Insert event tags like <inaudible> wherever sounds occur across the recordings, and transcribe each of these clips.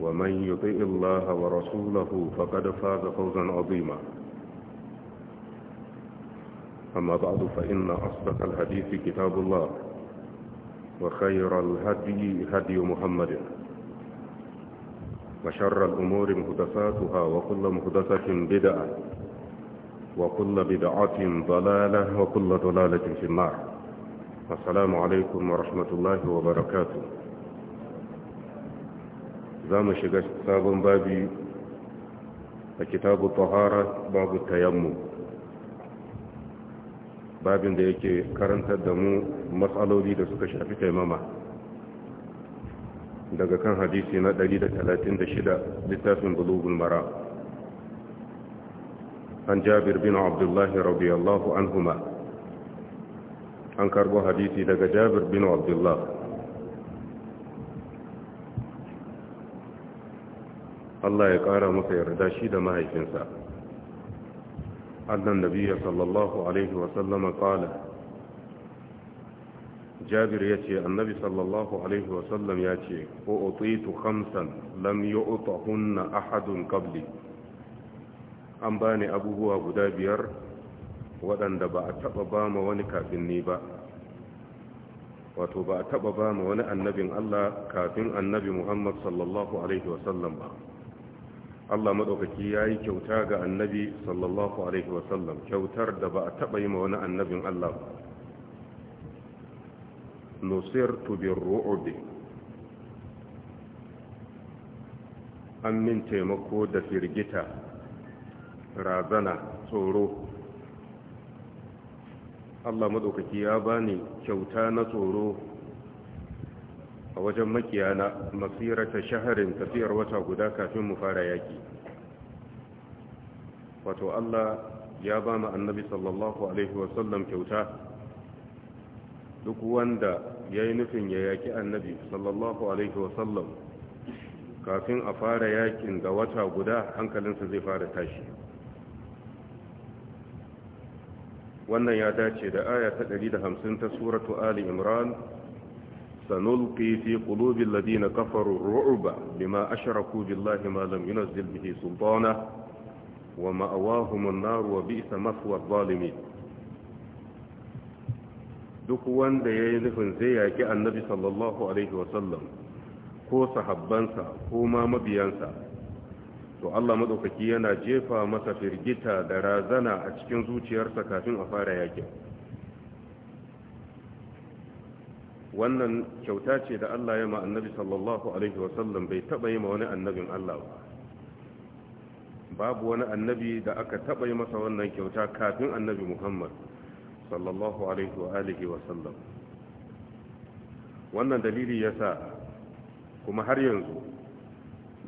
ومن يطع الله ورسوله فقد فاز فوزا عظيما أما بعد فإن أصدق الحديث كتاب الله وخير الهدي هدي محمد وشر الأمور مهدساتها وكل مهدسة بدعة وكل بدعة ضلالة وكل ضلالة في النار السلام عليكم ورحمة الله وبركاته za mu shiga sabon babi a kitabu tahara babu tayammu babin da yake karantar da mu matsaloli da suka shafi taimama daga kan hadisi na 136 littafin bulugun mara an jabir bin abdullahi radiyallahu anhuma an karbo hadisi daga jabir bin abdullahi Allah ya ƙara masa yarda shi da mahaifinsa annan nabiya sallallahu alaihi wasallama ƙala jabir ya ce annabi sallallahu alaihi wasallam ya ce ko otitu hamsan lam yi otahunna ahadun kabli an ba ni abubuwa guda biyar waɗanda ba a taɓa ba ma wani kafin ni ba wato ba a taɓa ba ma wani annabin Allah kafin annabi Muhammad sallallahu alaihi wasallam ba Allah ya yi kyauta ga annabi sallallahu alaihi wasallam kyautar da ba a taɓa yi ma wani annabin Allah ba nusirtu birru'bi an min taimako da firgita razana tsoro Allah maɗaukaki ya bani kyauta na tsoro a wajen makiyana masirata shaharin tafiyar wata guda kafin mu fara yaki wato Allah ya ba mu annabi sallallahu alaihi wasallam kyauta duk wanda ya yi nufin ya yaki annabi sallallahu alaihi wasallam kafin a fara yakin ga wata guda hankalinsa zai fara tashi wannan ya dace da aya ta 150 ta suratu ali imran سنلقي في قلوب الذين كفروا الرعب بما أشركوا بالله ما لم ينزل به سلطانا ومأواهم النار وبئس مثوى الظالمين duk wanda ya yi nufin zai yaƙi annabi sallallahu alaihi wasallam ko sahabbansa ko ma mabiyansa to Allah maɗaukaki yana jefa masa firgita da razana a cikin zuciyarsa kafin a fara yaƙin wannan kyauta ce da Allah ya ma annabi sallallahu alaihi wasallam bai taba yi ma wani annabin Allah ba babu wani annabi da aka taba yi masa wannan kyauta kafin annabi Muhammad sallallahu alaihi wa alihi wasallam wannan dalili yasa kuma har yanzu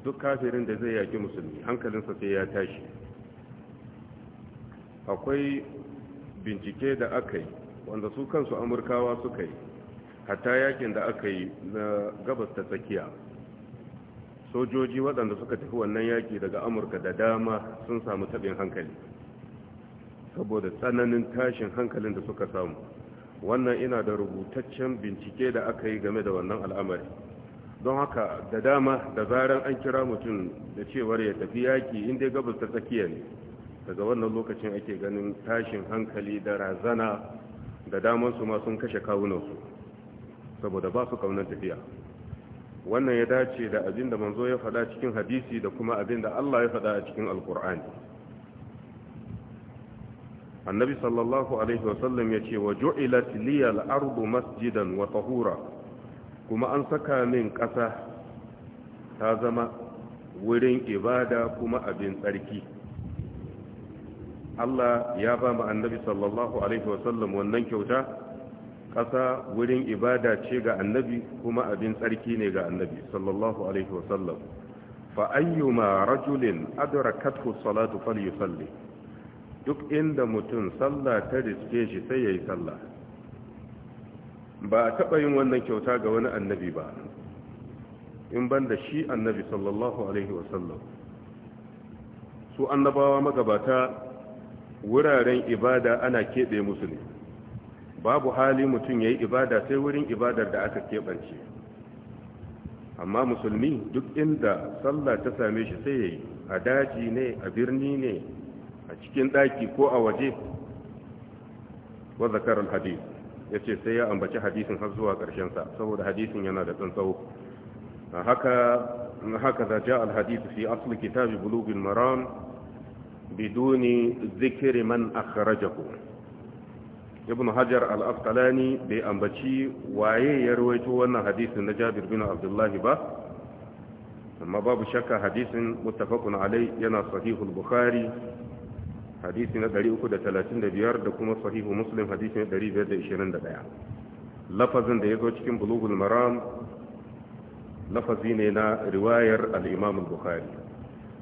duk kafirin da zai yaki musulmi hankalinsa sai ya tashi akwai bincike da aka yi wanda su kansu amurkawa suka yi hatta yakin da aka yi na gabas ta tsakiya sojoji waɗanda suka tafi wannan yaki daga amurka da dama sun samu taɓin hankali saboda tsananin tashin hankalin da suka samu wannan ina da rubutaccen bincike da aka yi game da wannan al'amari don haka da dama da zaren an kira mutum da cewar ya tafi yaki inda gabas ta tsakiya ne daga wannan lokacin ake ganin tashin hankali da razana da damansu ma sun kashe kawunansu saboda ba su kaunar tafiya wannan ya dace da abin da manzo ya faɗa cikin hadisi da kuma abin da Allah ya faɗa a cikin alkur'ani annabi sallallahu alaihi wasallam ya ce wa ju'ilat liyal ardu masjidan wa tahura kuma an saka min ƙasa ta zama wurin ibada kuma abin tsarki Allah ya ba mu annabi sallallahu alaihi wasallam wannan kyauta ƙasa wurin ibada ce ga annabi kuma abin tsarki ne ga annabi sallallahu alaihi wasallam fa ma rajulin adrakathu salatu falyusalli duk inda mutum sallah ta riske shi sai yayi sallah ba a taɓa yin wannan kyauta ga wani annabi ba in banda shi annabi sallallahu alaihi wasallam su annabawa magabata wuraren ibada ana keɓe musu ne babu hali mutum ya yi ibada sai wurin ibadar da aka keɓance amma musulmi duk inda sallah ta same shi sai ya a daji ne a birni ne a cikin ɗaki ko a waje wa zakarar hadis ya ce sai ya ambaci hadisin har zuwa ƙarshensa saboda hadisin yana da tsantsau haka haka za ja alhadisu fi asli kitabi bulugin maram biduni zikiri man akhrajahu ibn hajar al-asqalani bai ambaci waye ya rawaito wannan hadisin na jabir bin abdullahi ba amma babu shakka hadisin muttafaqun alai yana sahihul bukhari hadisi na 335 da kuma sahihu muslim hadisi na 521 lafazin da ya zo cikin bulughul maram lafazi ne na riwayar al-imam al-bukhari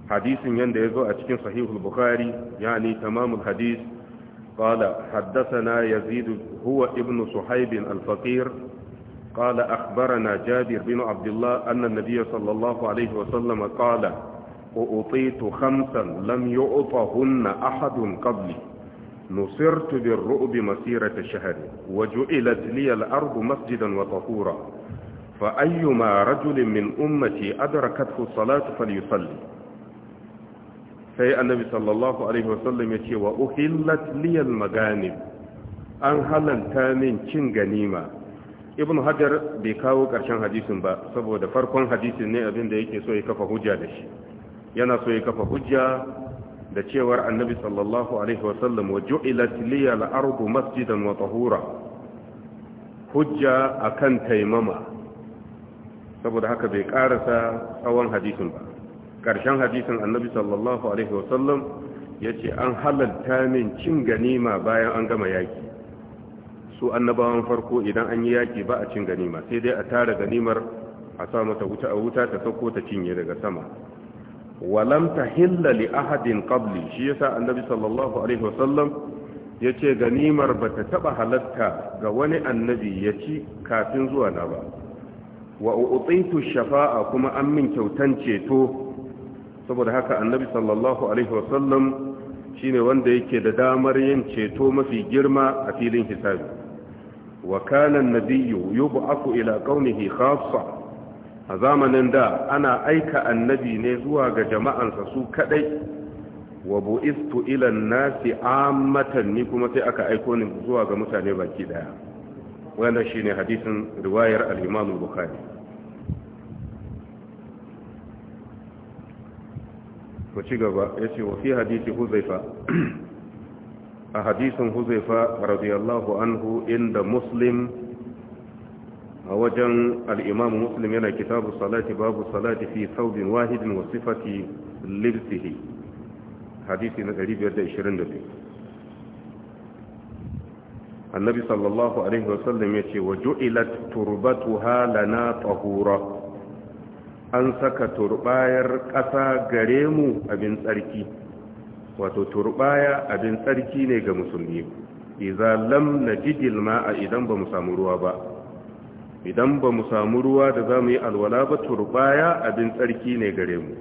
hadisin yanda ya zo a cikin sahihul bukhari yani tamamul hadis قال حدثنا يزيد هو ابن صحيب الفقير قال أخبرنا جابر بن عبد الله أن النبي صلى الله عليه وسلم قال أعطيت خمسا لم يعطهن أحد قبلي نصرت بالرؤب مسيرة شهر وجعلت لي الأرض مسجدا وطهورا فأيما رجل من أمتي أدركته الصلاة فليصلي sai annabi sallallahu alaihi wasallam ya ce wa uhillat liyal maganib an halanta min cin ganima ibn hajar bai kawo ƙarshen hadisin ba saboda farkon hadisin ne abin da yake so ya kafa hujja da shi yana so ya kafa hujja da cewar annabi sallallahu alaihi wasallam wa ju'ilat liyal ardu masjidan wa tahura hujja akan taimama saboda haka bai karasa tsawon hadisin ba ƙarshen hadisin annabi sallallahu alaihi wasallam ya ce an halarta min cin ganima bayan an gama yaƙi su annabawan farko idan an yi yaƙi ba a cin ganima sai dai a tara ganimar a sa mata wuta a wuta ta sauko ta cinye daga sama walam ta hilla li ahadin qabli shi yasa annabi sallallahu alaihi wasallam ya ce ganimar ba ta taɓa halatta ga wani annabi ya ci kafin zuwa na ba wa utsaitu shafa'a kuma an min kyautan ceto saboda haka annabi sallallahu alaihi wasallam shine wanda yake da damar yin ceto mafi girma a filin hisabi wa kana an-nabiyyu yub'athu ila qaumihi khassa a zamanin da ana aika annabi ne zuwa ga jama'ansa su kadai wa bu'istu ila an-nasi ammatan ni kuma sai aka aiko ni zuwa ga mutane baki daya wannan shine hadisin riwayar al-Imam Bukhari ku ci gaba ya ce wa fi hadisi huzaifa a hadisin huzaifa radiyallahu anhu inda muslim a wajen al'imamu muslim yana kitabu salati babu salati fi saubin wahidin wa sifati libsihi hadisi na 522 annabi sallallahu alaihi wasallam ya ce wa ju'ilat turbatu halana tahura an saka turbayar ƙasa gare mu abin tsarki wato turbaya abin tsarki ne ga musulmi idan lam najidil ma'a idan ba mu samu ruwa ba idan ba mu samu ruwa da za mu yi alwala ba turbaya abin tsarki ne gare mu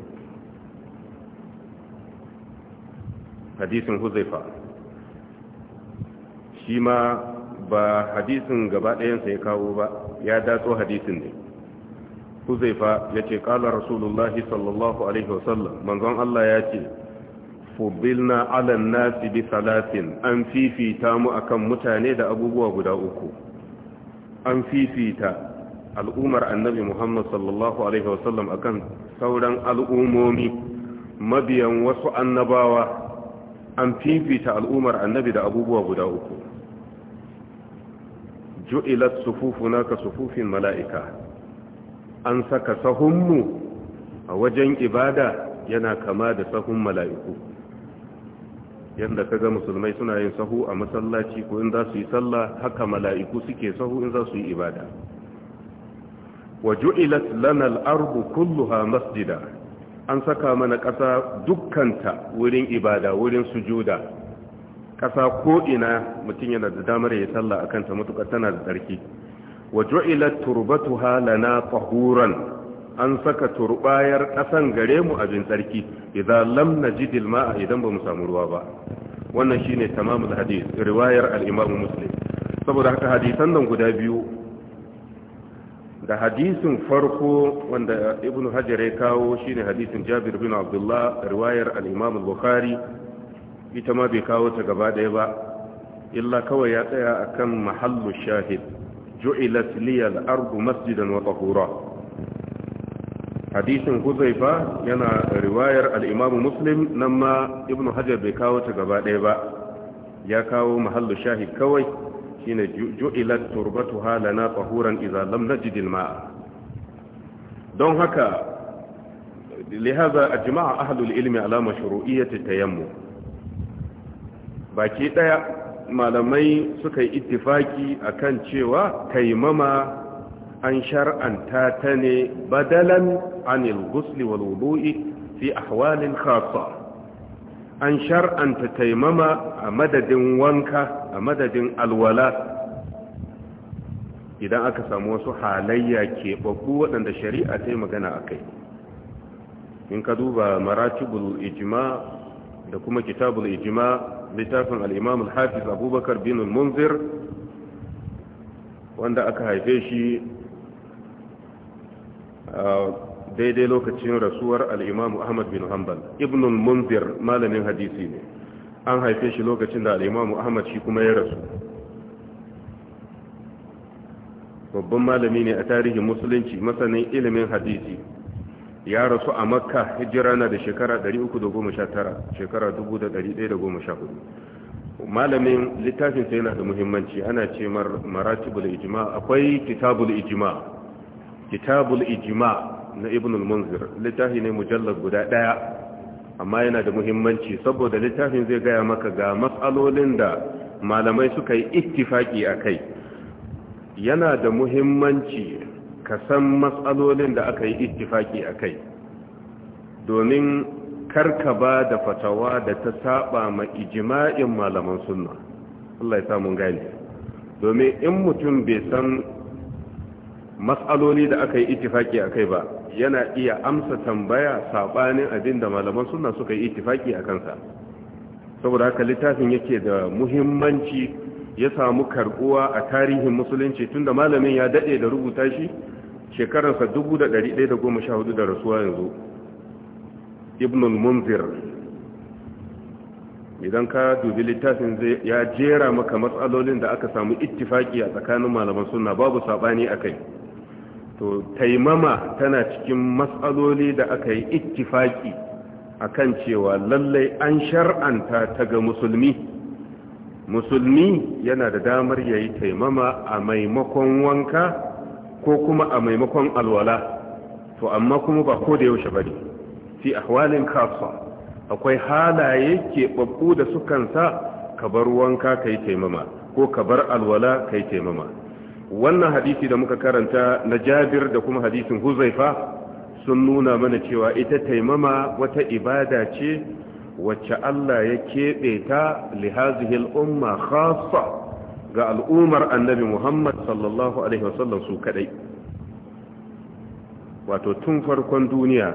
hadisin huzaifa shi ma ba hadisin gaba ɗayansa ya kawo ba ya datso hadisin ne huzaifa ya ce kala rasulullahi sallallahu alaihi wasallam manzon Allah ya ce fubilna alan nasi bi salatin an fifita mu akan mutane da abubuwa guda uku an fifita al'umar annabi muhammad sallallahu alaihi wasallam akan sauran al'umomi mabiyan wasu annabawa an fifita al'umar annabi da abubuwa guda uku ju'ilat sufufuna ka sufufin mala'ika an saka sahunmu a wajen ibada yana kama da sahun mala'iku yadda ka ga musulmai suna yin sahu a masallaci ko in za su yi sallah haka mala'iku suke sahu in za su yi ibada wa ju'ilat lanar al kullu ha masjida an saka mana ƙasa dukkanta wurin ibada wurin sujuda ƙasa ko ina mutum yana da damar ya sallah a kanta tana da tsarki wa ju'ilat turbatuha lana an saka turbayar ƙasan gare mu abin tsarki idan lam najid alma'a idan ba mu samu ruwa ba wannan shine tamamul hadis riwayar al-imam muslim saboda haka hadisan nan guda biyu da hadisin farko wanda ibn hajar ya kawo shine hadisin jabir bin abdullah riwayar al-imam al-bukhari ita ma bai kawo ta gaba daya ba illa kawai ya tsaya akan mahallu shahid ju'ilat liyal ardu masjidan wa tahura hadisin huzaifa yana riwayar al-imam muslim nan ma ibnu hajar bai kawo ta gaba ɗaya ba ya kawo mahallu shahid kawai shine ju'ilat turbatuha lana tahuran idza lam najid al-ma'a don haka lihaza ajma'a ahlul ilmi ala mashru'iyyati tayammum baki daya malamai suka yi ittifaki akan cewa taimama an shar'anta ta ne badalan anil gusli wal wudu'i fi ahwalin khassa an shar'anta taimama a madadin wanka a madadin alwala idan aka samu wasu halayya ke babu waɗanda shari'a ta magana a kai in ka duba maratibul ijima da kuma kitabul ijima littafin Al'imam imam abubakar bin munzir wanda aka haife shi daidai lokacin rasuwar Al'imam ahmad bin hanbal ibn munzir malamin hadisi ne an haife shi lokacin da Al'imam ahmad shi kuma ya rasu babban malami ne a tarihin musulunci masanin ilimin hadisi ya rasu a makka hijira na da shekara 319 shekara 1114 malamin littafin sai yana da muhimmanci ana ce maratibul ijima. akwai kitabul ijima kitabul ijima na ibn al-munzir littafi ne mujallar guda daya amma yana da muhimmanci saboda littafin zai gaya maka ga matsalolin da malamai suka yi ittifaki kai. yana da muhimmanci ka san matsalolin da aka yi ittifaki a kai domin karka ba da fatawa da ta saba ma ijima'in malaman sunna Allah ya mun gani domin in mutum bai san matsaloli da aka yi ittifaki a kai ba yana iya amsa tambaya sabanin abin da malaman sunna suka yi ittifaki a kansa saboda haka littafin yake da muhimmanci ya samu karbuwa a tarihin musulunci tunda malamin ya dade da rubuta shi shekararsa 1114 da rasuwa yanzu ibnul munzir idan ka dubi littafin ya jera maka matsalolin da aka samu ittifaki a tsakanin malaman suna babu sabani kai, to taimama tana cikin matsaloli da aka yi ittifaki akan cewa lallai an shar'anta ta ga musulmi musulmi yana da damar yayi taimama a maimakon wanka ko kuma a maimakon alwala to amma kuma ba ko da yaushe bane fi ahwalin khassa akwai halaye ke babbu da sukan sa ka bar wanka kai taimama ko ka bar alwala kai taimama wannan hadisi da muka karanta na Jabir da kuma hadisin Huzaifa sun nuna mana cewa ita taimama wata ibada ce wacce Allah ya keɓe ta lihazihil umma khassa ga al'ummar annabi Muhammad sallallahu alaihi wasallam su kadai wato tun farkon duniya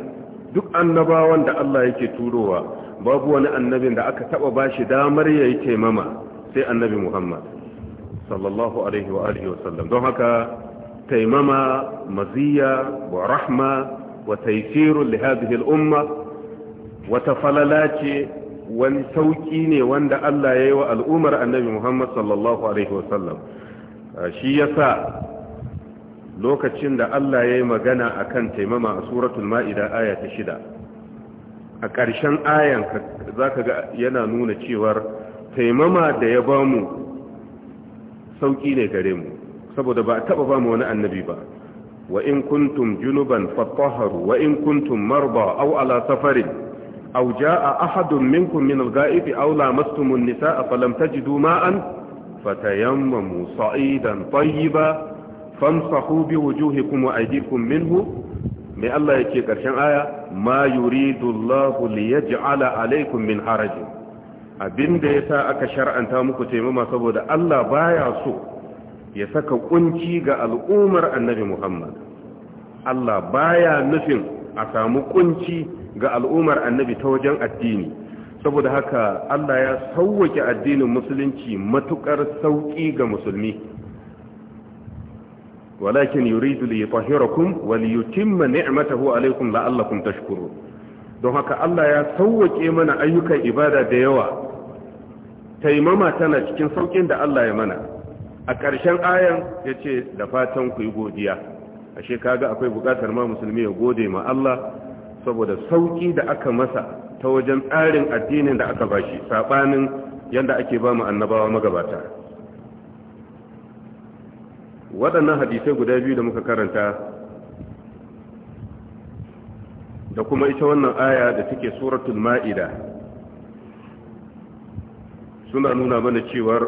duk annabawan da Allah yake turowa babu wani annabin da aka taɓa bashi damar yayi taimama sai annabi Muhammad sallallahu alaihi wa wasallam don haka taimama maziya wa rahma wa taysirul lihazihil umma wata falala ce wani sauƙi ne wanda Allah ya yi wa al'ummar annabi Muhammad sallallahu Alaihi wasallam shi ya sa lokacin da Allah ya yi magana a kan taimama a suratul ma'ida aya ta shida a ƙarshen ayan za ka ga yana nuna cewar taimama da ya ba mu sauƙi ne gare mu saboda ba a taɓa ba mu wani annabi ba wa in kuntum junuban fattaharu wa in kuntum marba au ala safarin auja a ahadun minkum min al-ga'ib aw lamastum an-nisaa falam tajidu ma'an fatayammamu sa'idan tayyiba famsahu biwujuhikum wa aydikum minhu mai Allah yake karshen aya ma yuridu Allahu liyaj'ala alaykum min haraj abinda ya sa aka shar'anta muku taimama saboda Allah baya so ya saka kunci ga al'ummar Annabi Muhammad Allah baya nufin a samu kunci ga al'ummar annabi ta wajen addini saboda haka Allah ya sauwake addinin musulunci matukar sauki ga musulmi walakin yuridu li yutahhirakum wa li yutimma ni'matahu alaykum la'allakum tashkurun don haka Allah ya sauwake mana ayyukan ibada da yawa taimama tana cikin saukin da Allah ya mana a ƙarshen ayan yace da fatan ku yi godiya ashe kaga akwai buƙatar ma musulmi ya gode ma Allah saboda sauki da aka masa ta wajen tsarin addinin da aka bashi saɓanin yanda ake ba mu annabawa magabata waɗannan hadisai guda biyu da muka karanta da kuma ita wannan aya da take suratul ma'ida suna nuna mana cewar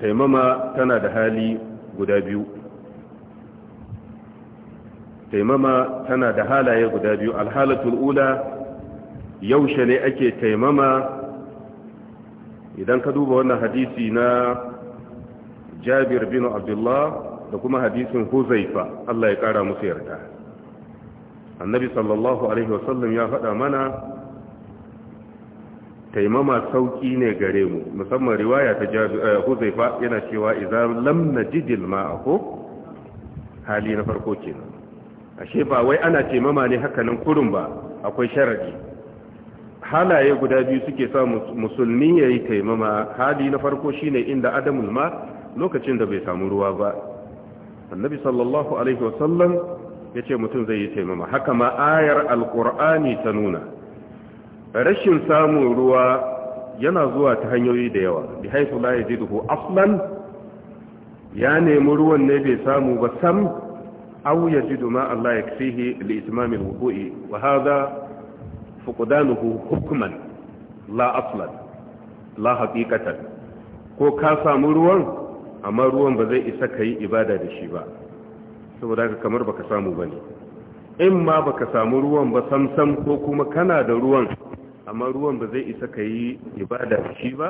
taimama tana da hali guda biyu taimama tana da halaye guda biyu alhalatul ula yaushe ne ake taimama idan ka duba wannan hadisi na jabir bin abdullah da kuma hadisin huzaifa Allah ya kara musu yarda annabi sallallahu alaihi wasallam ya faɗa mana taimama sauki ne gare mu musamman riwaya ta eh, huzaifa yana cewa idan lam najidil ma'a ko hali na farko kenan ashe ba wai ana taimama ne hakanan kurun ba akwai sharadi halaye guda biyu suke sa musulmi ya yi taimama hali na farko shine inda adamul ma lokacin da bai samu ruwa ba annabi sallallahu alaihi wasallam ce mutum zai yi taimama haka ma ayar alkur'ani ta nuna rashin samun ruwa yana zuwa ta hanyoyi da yawa bi haifu la yajiduhu aslan ya nemi ruwan ne bai samu ba sam aw yajidu ma Allah yakfihi li itmam al-wudu'i wa hadha fuqdanuhu hukman la ko ka samu ruwan amma ruwan ba zai isa ka yi ibada da shi ba saboda haka kamar baka samu ba ne. in ma baka samu ruwan ba samsam ko kuma kana da ruwan amma ruwan ba zai isa ka yi ibada da shi ba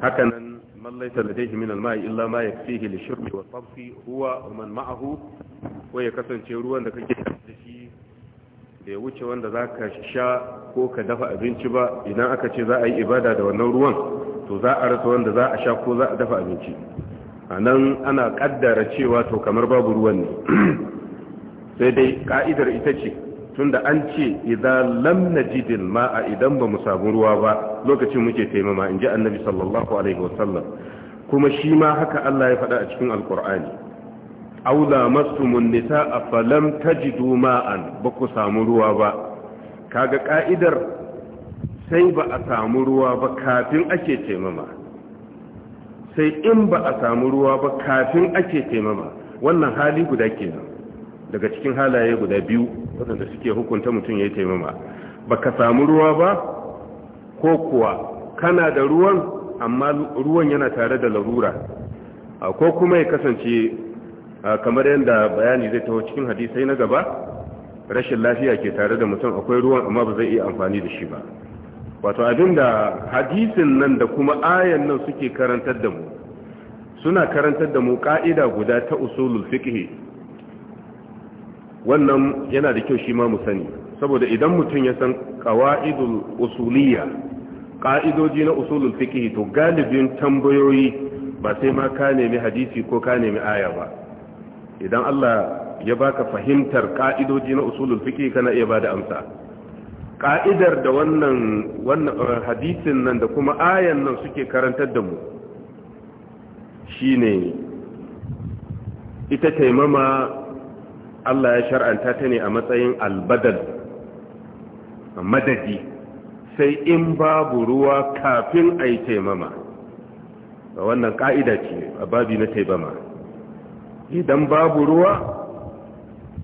hakanan man laysa ladayhi min al-ma'i illa ma yakfihi li shurbi wa tabfi huwa wa man ma'ahu ko ya kasance ruwan da kake da shi da ya wuce wanda za ka sha ko ka dafa abinci ba idan aka ce za a yi ibada da wannan ruwan to za a rasa wanda za a sha ko za a dafa abinci a nan ana kaddara cewa to kamar babu ruwan ne <clears throat> sai dai ka'idar ita ce tunda an ce idan lam najidil a idan ba mu samu ruwa ba lokacin muke taimama in ji annabi sallallahu alaihi wasallam kuma shi ma haka Allah ya faɗa a cikin alkur'ani aula mastumun nisa'a falam tajidu ma'an ba ku samu ruwa ba kaga ka'idar sai ba a samu ruwa ba kafin ake taimama sai in ba a samu ruwa ba kafin ake taimama wannan hali guda kenan daga cikin halaye guda biyu wadanda suke hukunta mutum ya yi taimama ba ka samu ruwa ba ko kuwa kana da ruwan amma ruwan yana tare da larura ko kuma ya kasance kamar yadda bayani zai taho cikin hadisai na gaba rashin lafiya ke tare da mutum akwai ruwan amma ba zai iya amfani da shi ba wato abinda hadisin nan da kuma ayan nan suke karantar da mu suna karantar da mu ka'ida guda ta usulul fiqhi wannan yana da kyau shi ma mu sani saboda idan mutum ya san qawaidul usuliyya ka'idoji na usulul fiqhi to galibin tambayoyi ba sai ma ka nemi hadisi ko ka nemi aya ba idan Allah ya baka fahimtar ka'idoji na usulul fiqh kana iya bada amsa ka'idar da wannan wannan eh, hadisin nan da kuma ayan nan suke karantar da mu shine ita taimama Allah ya shar'anta ta ne a matsayin albadal madadi sai in babu ruwa kafin a yi taimama wannan ka'ida ce a babi na taimama idan babu ruwa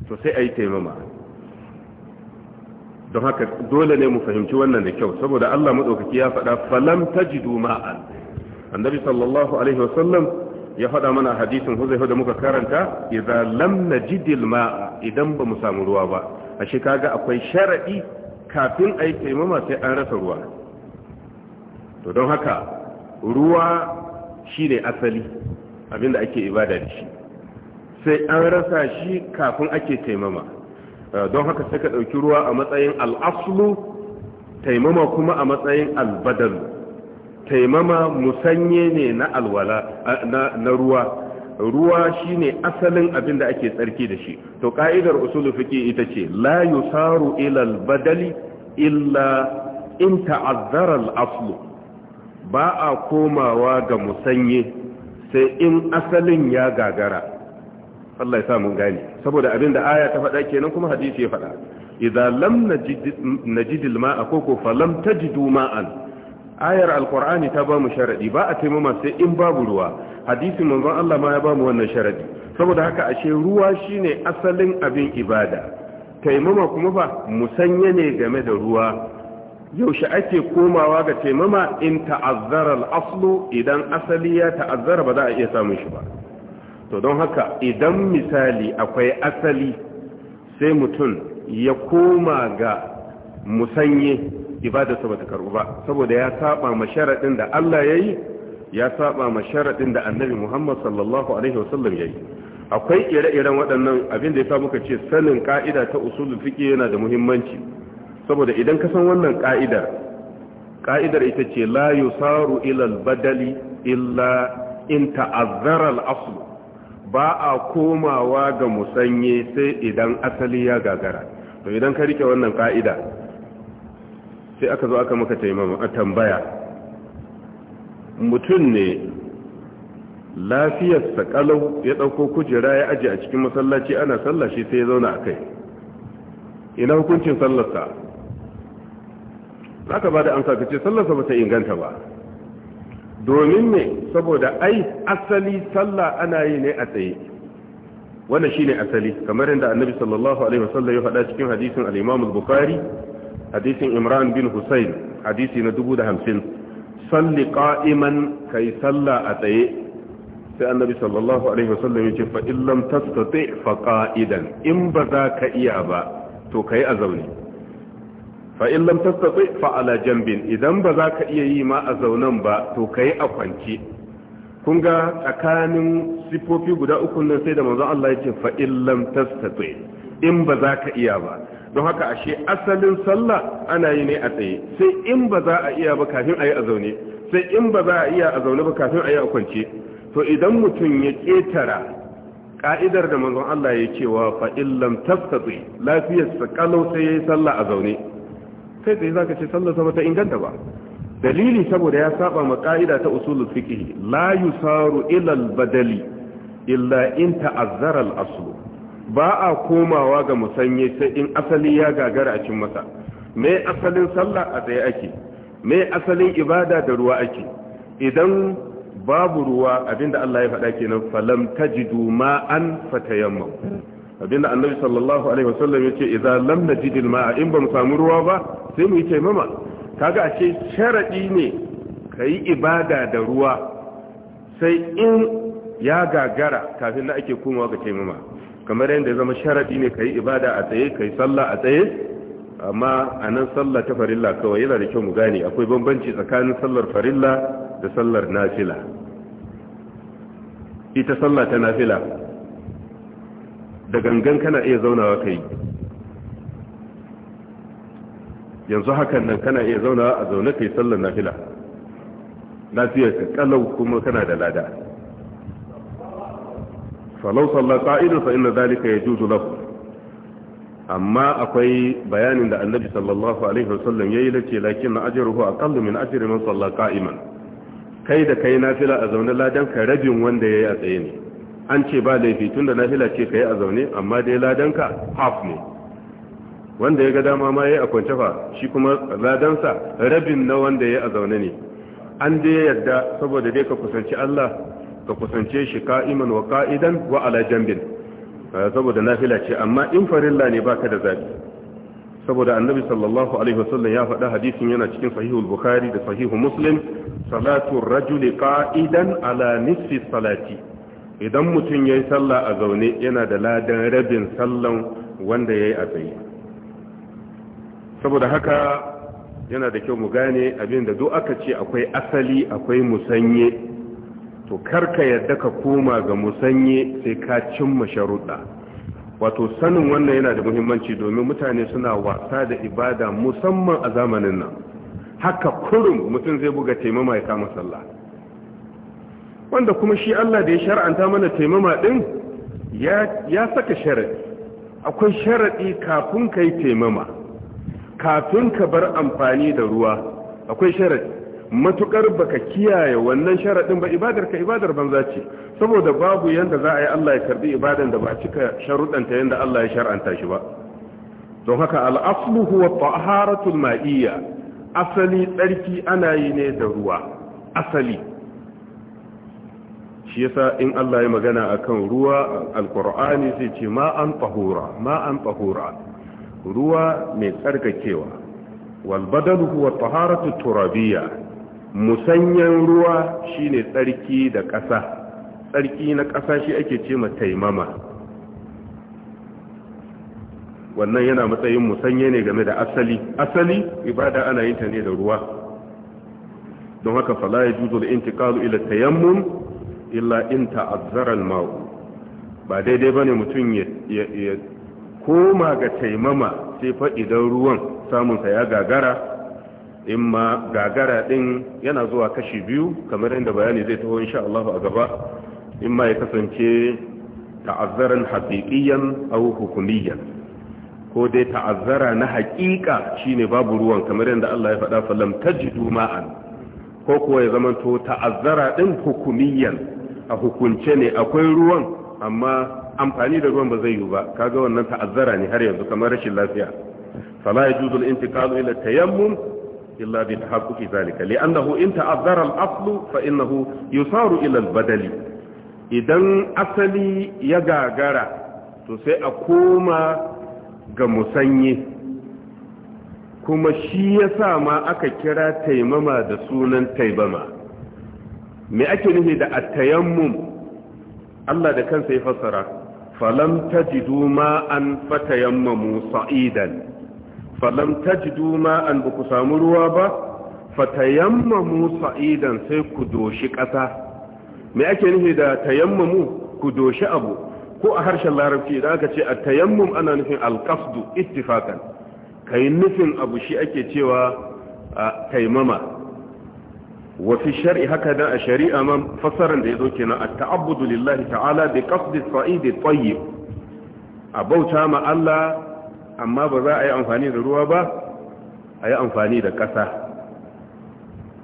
to sai a yi taimama don haka dole ne mu fahimci wannan da kyau saboda Allah maɗaukaki ya faɗa falam ji duma'an annabi sallallahu alaihi wasallam ya faɗa mana hadisin huzaifa da muka karanta idan lam najidil idan ba mu samu ruwa ba ashe kaga akwai sharaɗi kafin a yi taimama sai an rasa ruwa to don haka ruwa shine asali abinda ake ibada da shi sai an rasa shi kafin ake taimama eh, don haka sai ka ɗauki ruwa a matsayin al'aslu taimama kuma a matsayin albadal taimama musanye ne na alwala na ruwa ruwa shine asalin abin da ake tsarki da shi to ƙa'idar usulu ita ce la yusaru ila badali illa in ta'azzar al'aslu ba a komawa ga musanye sai in asalin ya gagara Allah ya sa mun gane saboda abin da aya ta faɗa kenan kuma hadisi ya faɗa idza lam najid al-ma'a koko fa lam tajidu ma'an ayar alqur'ani ta ba mu sharadi ba a taimama sai in babu ruwa hadisin manzon Allah ma ya ba mu wannan sharadi saboda haka ashe ruwa shine asalin abin ibada taimama kuma ba musanye ne game da ruwa yaushe ake komawa ga taimama in ta'azzara al-aslu idan asali ya ta'azzara ba za a iya samun shi ba to don haka idan misali akwai asali sai mutum ya koma ga musanye ibada ba ta karu ba saboda ya saba ma sharaɗin da Allah ya yi ya saba ma sharaɗin da annabi Muhammad sallallahu alaihi wasallam ya yi akwai ire-iren waɗannan abin da ya sa muka ce sanin ƙa'ida ta usulul fiqh yana da muhimmanci saboda idan ka san wannan ƙa'idar, ƙa'idar ita ce la yusaru ilal, badali illa in ta'azzara al ba a komawa ga musanye sai idan asali ya gagara to idan ka rike wannan ka'ida sai aka zo aka maka taimama tambaya mutum ne lafiyarsa kalau ya ɗauko kujera ya aje a cikin masallaci ana sallashi sai ya zauna a kai ina hukuncin sallarsa za ka ba da amsa ka ce sallarsa ba ta inganta ba domin ne saboda ai asali sallah ana yi ne a tsaye wannan shine asali kamar yadda annabi sallallahu alaihi wasallam ya faɗa cikin hadisin al-Imam al-Bukhari hadisin Imran bin Husayn hadisi na 1050 salli qa'iman kai sallah a tsaye sai annabi sallallahu alaihi wasallam ce fa illam tastati fa qa'idan in ba za ka iya ba to kai a zaune fa in lam tastati fa ala idan ba za ka iya yi ma a zaunan ba to kai a kwance kun ga tsakanin sifofi guda uku nan sai da manzon Allah yake fa in lam tastati in ba za ka iya ba don haka ashe asalin sallah ana yi ne a tsaye sai in ba za a iya ba kafin a yi a zaune sai in ba za a iya a zaune ba kafin a yi a kwance to idan mutum ya ƙetara ka'idar da manzon Allah ya cewa fa illam tastati lafiyar sa kalau sai yi sallah a zaune kai tsaye zaka ce sallar sa ta inganta ba dalili saboda ya saba ma ka'ida ta usulul fiqh la yusaru ila al-badali illa in ta'azzara al-aslu ba a komawa ga musanye sai in asali ya gagara a cikin masa me asalin sallah a tsaye ake me asalin ibada da ruwa ake idan babu ruwa abinda Allah ya faɗa kenan falam tajidu an fatayammu abinda annabi sallallahu alaihi wasallam yace idza lam najid alma'a in ban samu ruwa ba sai mu yi taimama kaga ce sharadi ne kai ibada da ruwa sai in ya gagara kafin da ake komawa ga taimama kamar yadda ya zama sharadi ne kai ibada a tsaye kai sallah a tsaye amma anan sallah ta farilla kawai yana da kyau mu gane akwai bambanci tsakanin sallar farilla da sallar nafila ita sallah ta nafila da gangan kana iya zaunawa kai yanzu hakan nan kana iya zaunawa a zaune kai sallar nafila lafiyar ka kalau kuma kana da lada falau sallar ƙa'idun fa inna zalika ya juzu lahu amma akwai bayanin da annabi sallallahu alaihi wasallam yayi lace lakin na ajruhu aqallu min ajri man salla qa'iman kai da kai nafila a zaune ladan ka rabin wanda yayi a tsaye ne an ce ba laifi tun da nafila ce ka yi a zaune amma dai ladanka half ne wanda ya ga dama ma ya yi a kwance fa shi kuma ladansa rabin na wanda ya yi a zaune ne an dai yadda saboda dai ka kusanci Allah ka kusance shi ka'iman wa ka'idan wa ala jambin eh, saboda nafila ce amma in farilla ne baka da zabi saboda annabi sallallahu alaihi wasallam ya faɗa hadisin yana cikin sahihul bukhari da sahihu muslim salatu rajuli qa'idan ala nisfi salati idan mutum ya yi sallah a zaune yana da ladan rabin sallan wanda ya yi a tsaye saboda haka yana da kyau mu gane abin da duk aka ce akwai asali akwai musanye to karka yadda ka koma ga musanye sai ka cimma sharuɗa wato sanin wannan yana da muhimmanci domin mutane suna wasa da ibada musamman a zamanin nan haka kurum mutum zai buga taimama ya kama sallah wanda kuma shi Allah da ya shar'anta mana taimama din ya saka sharaɗi. akwai sharaɗi kafin yi taimama kafin ka bar amfani da ruwa akwai sharadi matukar baka kiyaye wannan sharaɗin ba ibadar ka ibadar banza ce saboda babu yanda za a yi Allah ya karbi ibadan da ba a cika sharuɗanta yanda Allah ya shar'anta shi ba don haka al'aslu huwa taharatul ma'iyya asali tsarki ana yi ne da ruwa asali shi yasa in Allah ya magana akan ruwa alkur'ani zai ce ma an tahura ma an tahura ruwa mai tsarkakewa wal badalu huwa taharatu turabiyya musanyan ruwa shine tsarki da ƙasa tsarki na ƙasa shi ake ce ma taimama wannan yana matsayin musanye ne game da asali asali ibada ana yin ta ne da ruwa don haka fala ya juzo da intikalu ila tayammum illa in ta'azzara al-ma'u ba daidai bane mutum ya koma ga taimama sai fa idan ruwan samun sa ya gagara imma gagara din yana zuwa kashi biyu kamar inda bayani zai taho insha Allah a gaba imma ya kasance ta'azzaran haqiqiyan aw hukumiyan ko dai ta'azzara na haƙiƙa shine babu ruwan kamar yadda Allah ya faɗa sallam tajidu ma'an ko kuwa ya zamanto ta'azzara din hukumiyan a hukunce ne akwai ruwan amma amfani da ruwan ba zai yi ba kaga wannan ta'azzara ne har yanzu kamar rashin lafiya fala yajuzu al-intiqalu ila tayammum illa bi tahaqquqi zalika li'annahu in ta'azzara al-aslu fa innahu yusaru ila al-badali idan asali ya gagara to sai a koma ga musanye kuma shi yasa ma aka kira taimama da sunan taibama me ake nufi da a tayammum Allah da kansa ya fassara falam tajidu an fatayammamu sa'idan falam tajidu ba ku samu ruwa ba fatayammamu sa'idan sai ku doshi ƙasa me ake nufi da tayammamu ku doshi abu ko a harshen larabci da aka ce a tayammum ana nufin alkafdu ittifakan kai nufin abu shi ake cewa taimama wa fi shar'i haka na a shari'a a fasaran da ya zo kenan at-ta'abbudu lillahi ta'ala bi qasdi sa'idi tayyib a bauta ma Allah amma ba za a yi amfani da ruwa ba a yi amfani da ƙasa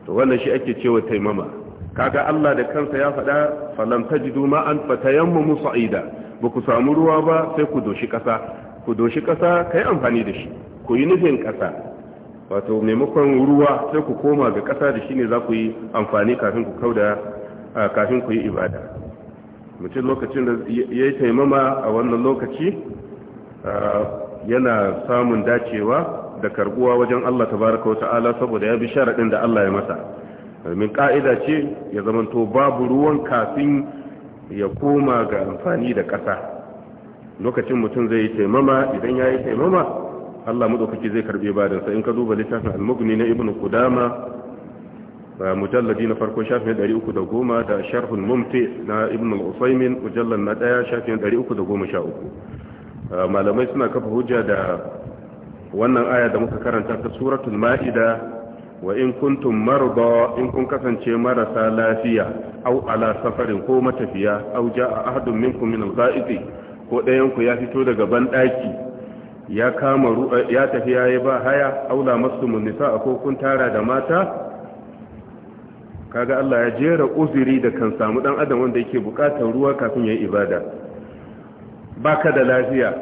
to wannan shi ake cewa taimama Ka ga Allah da kansa ya faɗa falam tajidu ma an fatayammamu sa'ida ba ku samu ruwa ba sai ku doshi ƙasa ku doshi ƙasa kai amfani da shi ku yi nufin ƙasa wato maimakon ruwa sai ku koma ga ƙasa da shine za ku yi amfani kafin ku kauda kafin ku yi ibada mutum lokacin da ya yi taimama a wannan lokaci yana samun dacewa da karbuwa wajen Allah tabaraka wa ta'ala saboda ya bi sharaɗin da Allah ya masa min ƙa'ida ce ya zamanto babu ruwan kafin ya koma ga amfani da ƙasa lokacin mutum zai yi taimama idan ya yi taimama Allah madaukaki zai karbe badan sa in ka duba littafin al-mughni na ibnu qudama mujalladi na farko shafin 310 da sharh al-mumti na ibnu al-usaymin mujallad na daya shafin 313 malamai suna kafa hujja da wannan aya da muka karanta ta suratul ma'ida wa in kuntum marda in kun kasance marasa lafiya aw ala safarin ko matafiya aw jaa ahadun minkum min al-ghaibi ko dayan ku ya fito daga ban daki ya kama eh, ya tafi yayi ba haya aula masumun nisa ko kun tara da mata kaga Allah ya jera uzuri da kan samu dan adam wanda yake bukatar ruwa kafin yayi ibada baka da lafiya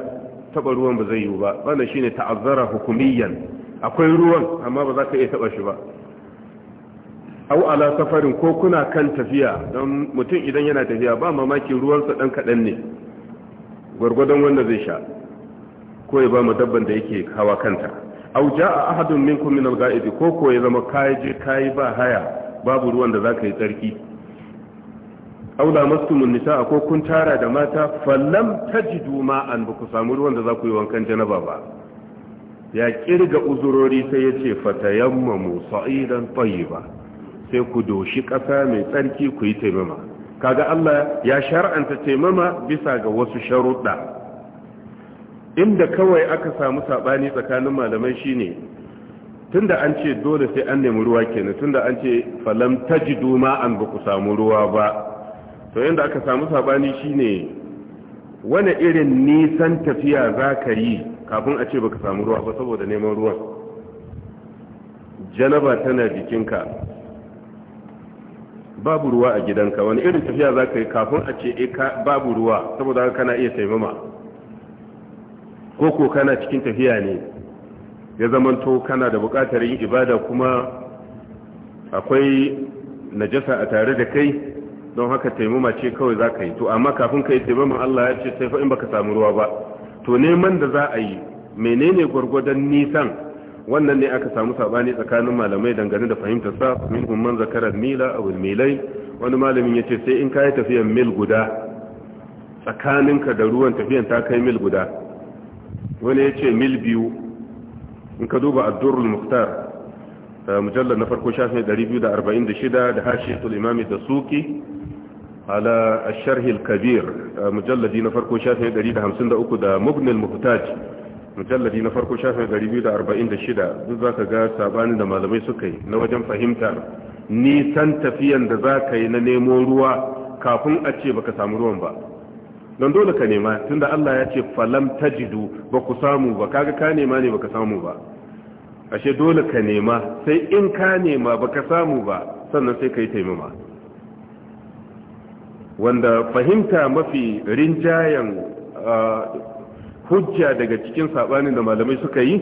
taba ruwan ba zai yi ba wannan shine ta'azzara hukumiyan akwai ruwan amma ba za ka iya taba shi ba au ala safarin ko kuna kan tafiya don mutum idan yana tafiya ba mamaki ruwansa dan kadan ne gwargwadon wanda zai sha ko ya ba mu dabban da yake hawa kanta aw jaa ahadun minkum min al ko ko ya zama kai je kai ba haya babu ruwan da zaka yi tsarki aw lamastumun nisa ko kun tara da mata falam tajidu an ba ku samu ruwan da za ku yi wankan janaba ba ya kirga uzurori sai ya ce fatayammamu sa'idan ba. sai ku doshi ƙasa mai tsarki ku yi taimama kaga Allah ya shar'anta taimama bisa ga wasu sharuɗa inda kawai aka samu sabani tsakanin malamai shine tunda an ce dole sai an nemi ruwa kenan tunda an ce falam tajidu ma an ba ku samu ruwa ba to yanda aka samu sabani shine wani irin nisan tafiya za ka yi kafin a ce baka samu ruwa ba saboda neman ruwan janaba tana jikinka babu ruwa a gidanka wani irin tafiya za ka yi kafin a ce eh, babu ruwa saboda kana iya taimama ko ko kana cikin tafiya ne ya zamanto kana da buƙatar yin ibada kuma akwai najasa a tare da kai don haka taimama ce kawai za ka yi to amma kafin ka yi taimama Allah ya ce sai fa in baka samu ruwa ba to neman da za a yi menene gwargwadon nisan wannan ne aka samu sabani tsakanin malamai dangane da fahimtar sa min umman zakara mila aw milai wani malamin ya ce sai in ka yi tafiyan mil guda tsakaninka da ruwan tafiyan ta kai mil guda wani ya ce mil biyu in ka duba addurul muftar eh, mujallar na farko shafin 246 da harshe imami da suki ala sharhil kabir eh, mujalladi na farko shafin 153 da mubnil muftar mujalladi na farko shafin 246 duk za ka ga sabanin da malamai suka yi na wajen fahimtar nisan tafiyan da za ka yi na nemo ruwa kafin a ce baka samu ruwan ba don dole ka nema tunda Allah ya ce falam tajidu ba ku samu ba kaga ka nema ne baka samu ba ashe dole ka nema sai in ka nema baka samu ba sannan sai ka yi taimama wanda fahimta mafi rinjayen hujja daga cikin sabanin da malamai suka yi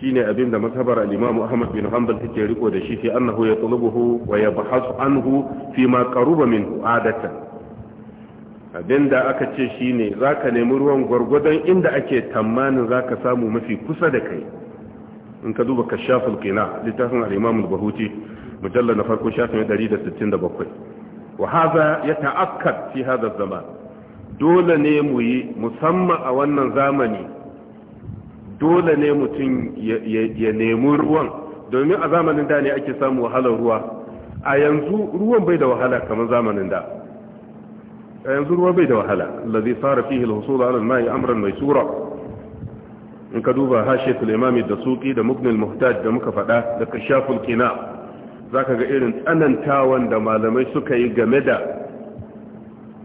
shine abin da masabar al-Imam Ahmad bin Hanbal take riko da shi fi annahu yatlubuhu wa yabhasu anhu fi ma qaruba minhu adatan abinda aka ce shine zaka nemi ruwan gwargwadon inda ake tamanin zaka samu mafi kusa da kai in ka duba kashaful kina littafin al'imamun bahuti mujallar na farko shafin 167 wa ya yata'akkad fi hadha zama dole ne mu yi musamman a wannan zamani dole ne mutum ya nemi ruwan domin a zamanin da ne ake samu wahalar ruwa a yanzu ruwan bai da wahala kamar zamanin da yanzu ruwa bai da wahala allazi sara fihi al-husul ala al-ma'i amran in ka duba hashiyatul imam ad-dasuqi da mubn al-muhtaj da muka fada da kashaful qina zaka ga irin tsanantawan da malamai suka yi game da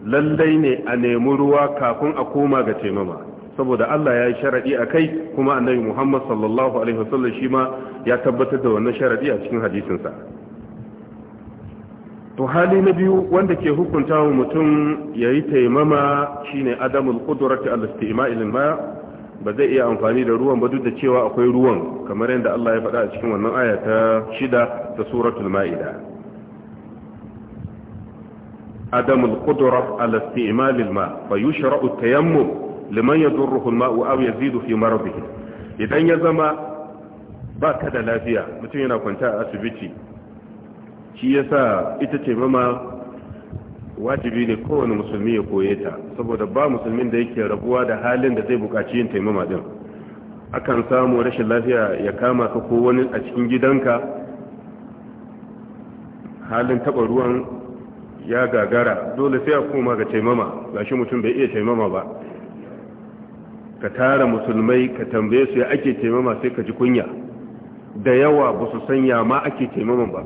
lallai ne a nemi ruwa kafin a koma ga taimama saboda Allah ya yi sharaɗi a kai kuma annabi Muhammad sallallahu ma ya tabbatar da wannan sharaɗi a cikin hadisinsa to hali na biyu wanda ke hukunta wa mutum ya yi taimama shine adamul kudurati al-istima'il ma ba zai iya amfani da ruwan ba duk da cewa akwai ruwan kamar yadda Allah ya faɗa a cikin wannan aya ta shida ta suratul ma'ida adamul kudura al-istima'il ma fa yushra'u at-tayammum liman yadurruhu al-ma'u aw yazidu fi maradihi idan ya zama baka da lafiya mutum yana kwanta a asibiti shi sa ita ce mama wajibi ne kowane musulmi ya koye ta saboda ba musulmin da yake rabuwa da halin da zai bukaci yin taimama din akan samu rashin lafiya ya kama ka ko wani a cikin gidanka halin taba ruwan ya gagara dole sai a koma ga taimama shi mutum bai iya taimama ba ka tara musulmai ka tambaye su ya ake taimama sai ka ji kunya da yawa ba su sanya ma ake taimaman ba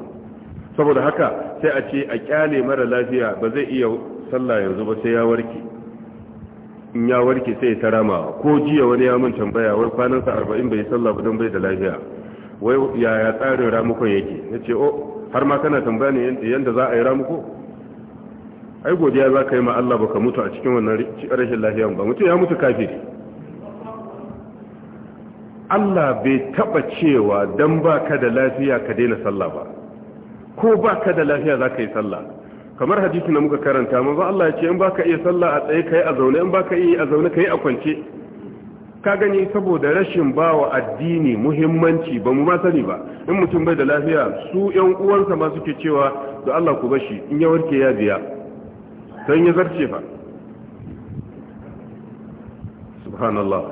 saboda haka sai a ce a kyale mara lafiya ba zai iya sallah yanzu ba sai ya warke in ya warke sai ta rama ko jiya wani ya mun tambaya wai sa arba'in bai sallah ba don bai da lafiya wai yaya tsarin ramukon yake nace oh har ma kana tambaya ne yadda za a yi ramuko ai godiya za ka yi ma Allah baka mutu a cikin wannan rashin lafiyan ba mutu ya mutu kafiri Allah bai taba cewa dan baka da lafiya ka daina sallah ba ko ba ka da lafiya za ka yi sallah kamar hadisi na muka karanta manzo Allah ya ce in baka iya sallah a tsaye yi a zaune in ka iya a zaune yi a kwance ka gani saboda rashin bawa addini muhimmanci ba mu ma sani ba in mutum bai da lafiya su yan uwansa ma suke cewa da Allah ku bashi in ya warke ya biya sai ya zarce fa subhanallah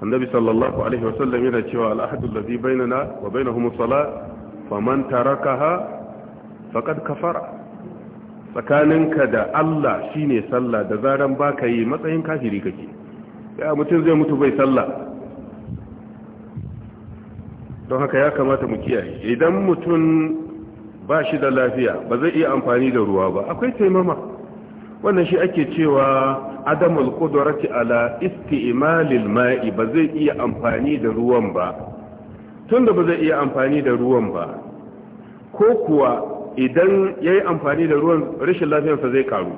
annabi sallallahu alaihi wasallam yana cewa al-ahadu alladhi bainana wa bainahum salat faman tarakaha faqad kafara tsakaninka da Allah shine sallah da zaran baka yi matsayin kafiri kake ya mutum zai mutu bai sallah don haka ya kamata mu kiyaye idan mutum ba shi da lafiya ba zai iya amfani da ruwa ba akwai taimama wannan shi ake cewa adamul qudrati ala isti'malil ma'i ba zai iya amfani da ruwan ba tun da ba zai iya amfani da ruwan ba ko kuwa idan ya yi amfani da ruwan rashin lafiyarsa zai karu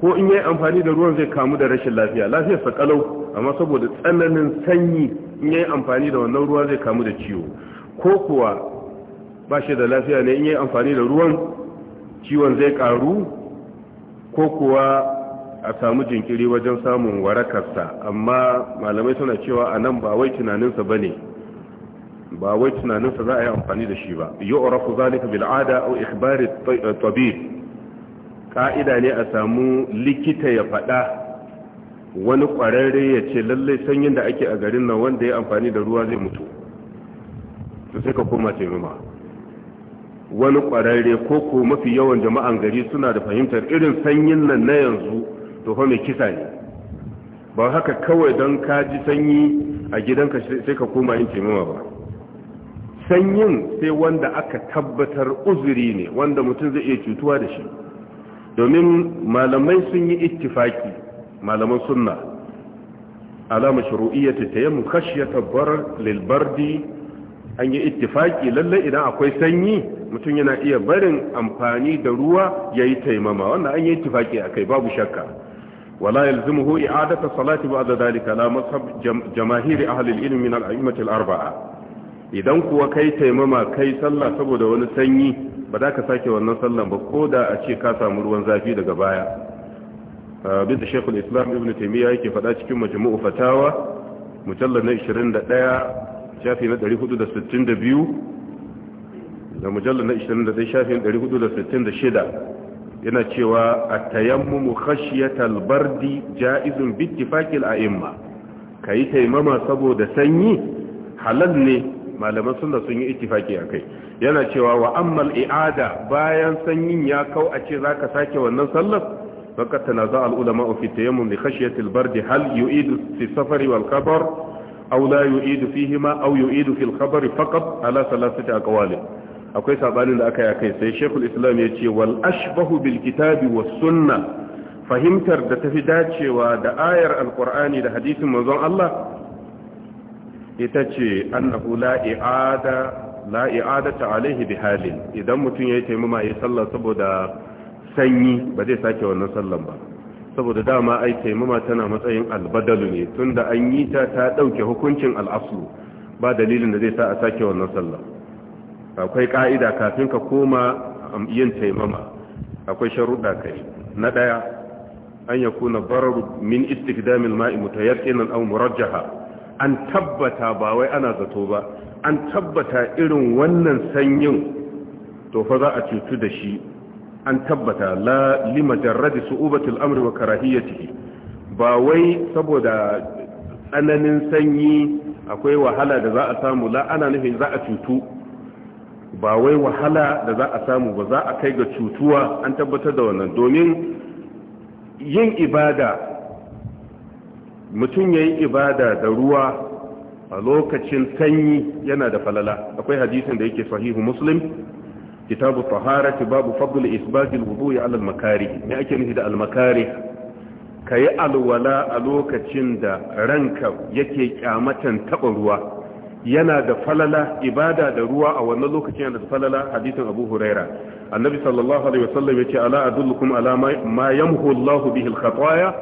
ko in ya yi amfani da ruwan zai kamu da rashin lafiya lafiyarsa kalau amma saboda tsananin sanyi in ya yi amfani da wannan ruwa zai kamu da ciwo ko kuwa ba shi da lafiya ne in yi amfani da ruwan ciwon zai karu ko kuwa a samu jinkiri wajen samun warakarsa amma malamai suna cewa a nan ba wai tunaninsa ba ne ba wai tunaninsa za a yi amfani da shi ba yu'rafu zalika bil ada au ikhbar at-tabib ka'ida ne a samu likita ya faɗa wani ƙwararre ya ce lallai sanyin da ake a garin nan wanda ya amfani da ruwa zai mutu to sai ka koma taimama wani kwararre ko ko mafi yawan jama'an gari suna da fahimtar irin sanyin nan na yanzu to fa mai kisa ne ba haka kawai don ka ji sanyi a gidanka sai ka koma yin taimama ba sanyin sai wanda aka tabbatar uzuri ne wanda mutum zai iya cutuwa da shi domin malamai sun yi ittifaki malaman sunna alama shuru'iyyata tayammum khashyata barar lil bardi an yi ittifaki lalle idan akwai sanyi mutum yana iya barin amfani da ruwa yayi taimama wannan an yi ittifaki akai babu shakka wala yalzimuhu i'adatu salati ba'da dhalika la mazhab jamaahiri ahli al-ilm min al-a'immati al-arba'a idan kuwa kai taimama kai sallah saboda wani sanyi ba za ka sake wannan sallah ba ko da a ce ka samu ruwan zafi daga baya abin da shekul islam ibn taimiyya yake fada cikin majmu'u fatawa mujallar na 21 shafi na 462 da mujallar na 21 shafi na 466 yana cewa a tayammumu khashiyatal bardi ja'izun bittifaqil a'imma kai taimama saboda sanyi halal ne malaman sunna sun yi ittifaki a kai yana cewa wa ammal i'ada bayan sanyin ya kau a ce zaka sake wannan sallar fakat tanaza al ulama fi tayammum li khashyati al bard hal yu'idu fi safari wal khabar aw la yu'idu fihima aw yu'idu fil khabar faqat ala salasati aqwali akwai sabanin da aka yi akai sai shaykhul islam ya ce wal ashbahu bil kitabi was sunna fahimtar da tafi dacewa da ayar alqur'ani da hadisin manzon Allah ita ce annahu la i'ada la alaihi bi halin idan mutum yayi taimama yayi sallah saboda sanyi ba zai sake wannan sallan ba saboda dama ai taimama tana matsayin albadalu ne tunda an yi ta ta ɗauke hukuncin al'aslu ba dalilin da zai sa a sake wannan sallah akwai ka'ida kafin ka koma um, yin taimama akwai sharuɗa kai na ɗaya an yakuna barar min istikdamil ma'i mutayaqqinan aw murajjaha an tabbata ba wai ana zato ba an tabbata irin wannan sanyin to fa za a cutu da shi an tabbata la limajarradi su'ubatul amri wa karahiyatihi ba wai saboda tsananin sanyi akwai wahala da za a samu la ana nufin za a cutu ba wai wahala da za a samu ba za a kai ga cutuwa an tabbatar da wannan domin yin ibada mutum ya yi ibada da ruwa a lokacin sanyi yana da falala akwai hadisin da yake sahihu muslim kitabu taharati babu fadl isbatil wudu'i ya al-makari me ake nufi da al-makari kayi alwala a lokacin da ranka yake kyamatan taba ruwa yana da falala ibada da ruwa a wannan lokacin yana da falala hadisin abu huraira annabi sallallahu alaihi wasallam yace ala adullukum ala ma yamhu Allahu bihi al-khataya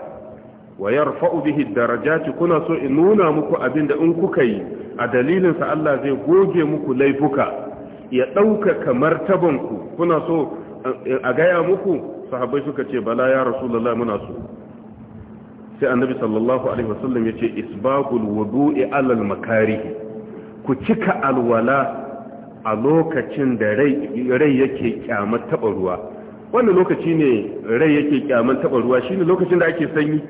wa yarfa'u bihi darajati kuna so in nuna muku abinda in kuka yi a dalilin Allah zai goge muku laifuka ya ɗaukaka martaban ku kuna so eh, a gaya muku sahabbai suka ce bala ya rasulullahi muna so sai annabi sallallahu alaihi wasallam yace isbagul wudu'i alal makari ku cika alwala a lokacin da rai yake kyamar taba ruwa wannan lokaci ne rai yake kyaman taba ruwa shine lokacin da ake sanyi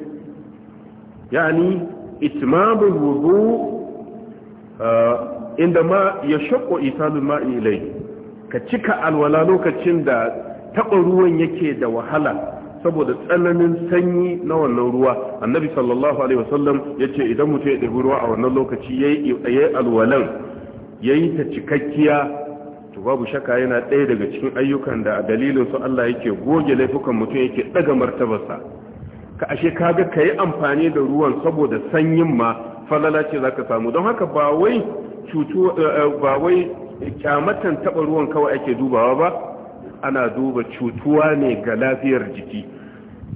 yani itmamul wudu inda ma ya shakko isalul ma'i ilai ka cika alwala lokacin da taɓa ruwan yake da wahala saboda tsananin sanyi na wannan ruwa annabi sallallahu alaihi wasallam ya idan mutum ya ɗabi ruwa a wannan lokaci ya yi alwalan yayi ta cikakkiya to babu shaka yana ɗaya daga cikin ayyukan da dalilin su Allah yake goge laifukan mutum yake ɗaga martabarsa ka ashe kaga ka yi amfani da ruwan saboda sanyin ma falala ce za ka samu don haka eh, ba wai kyamatan taɓa ruwan kawai ake dubawa ba ana duba cutuwa ne ga lafiyar jiki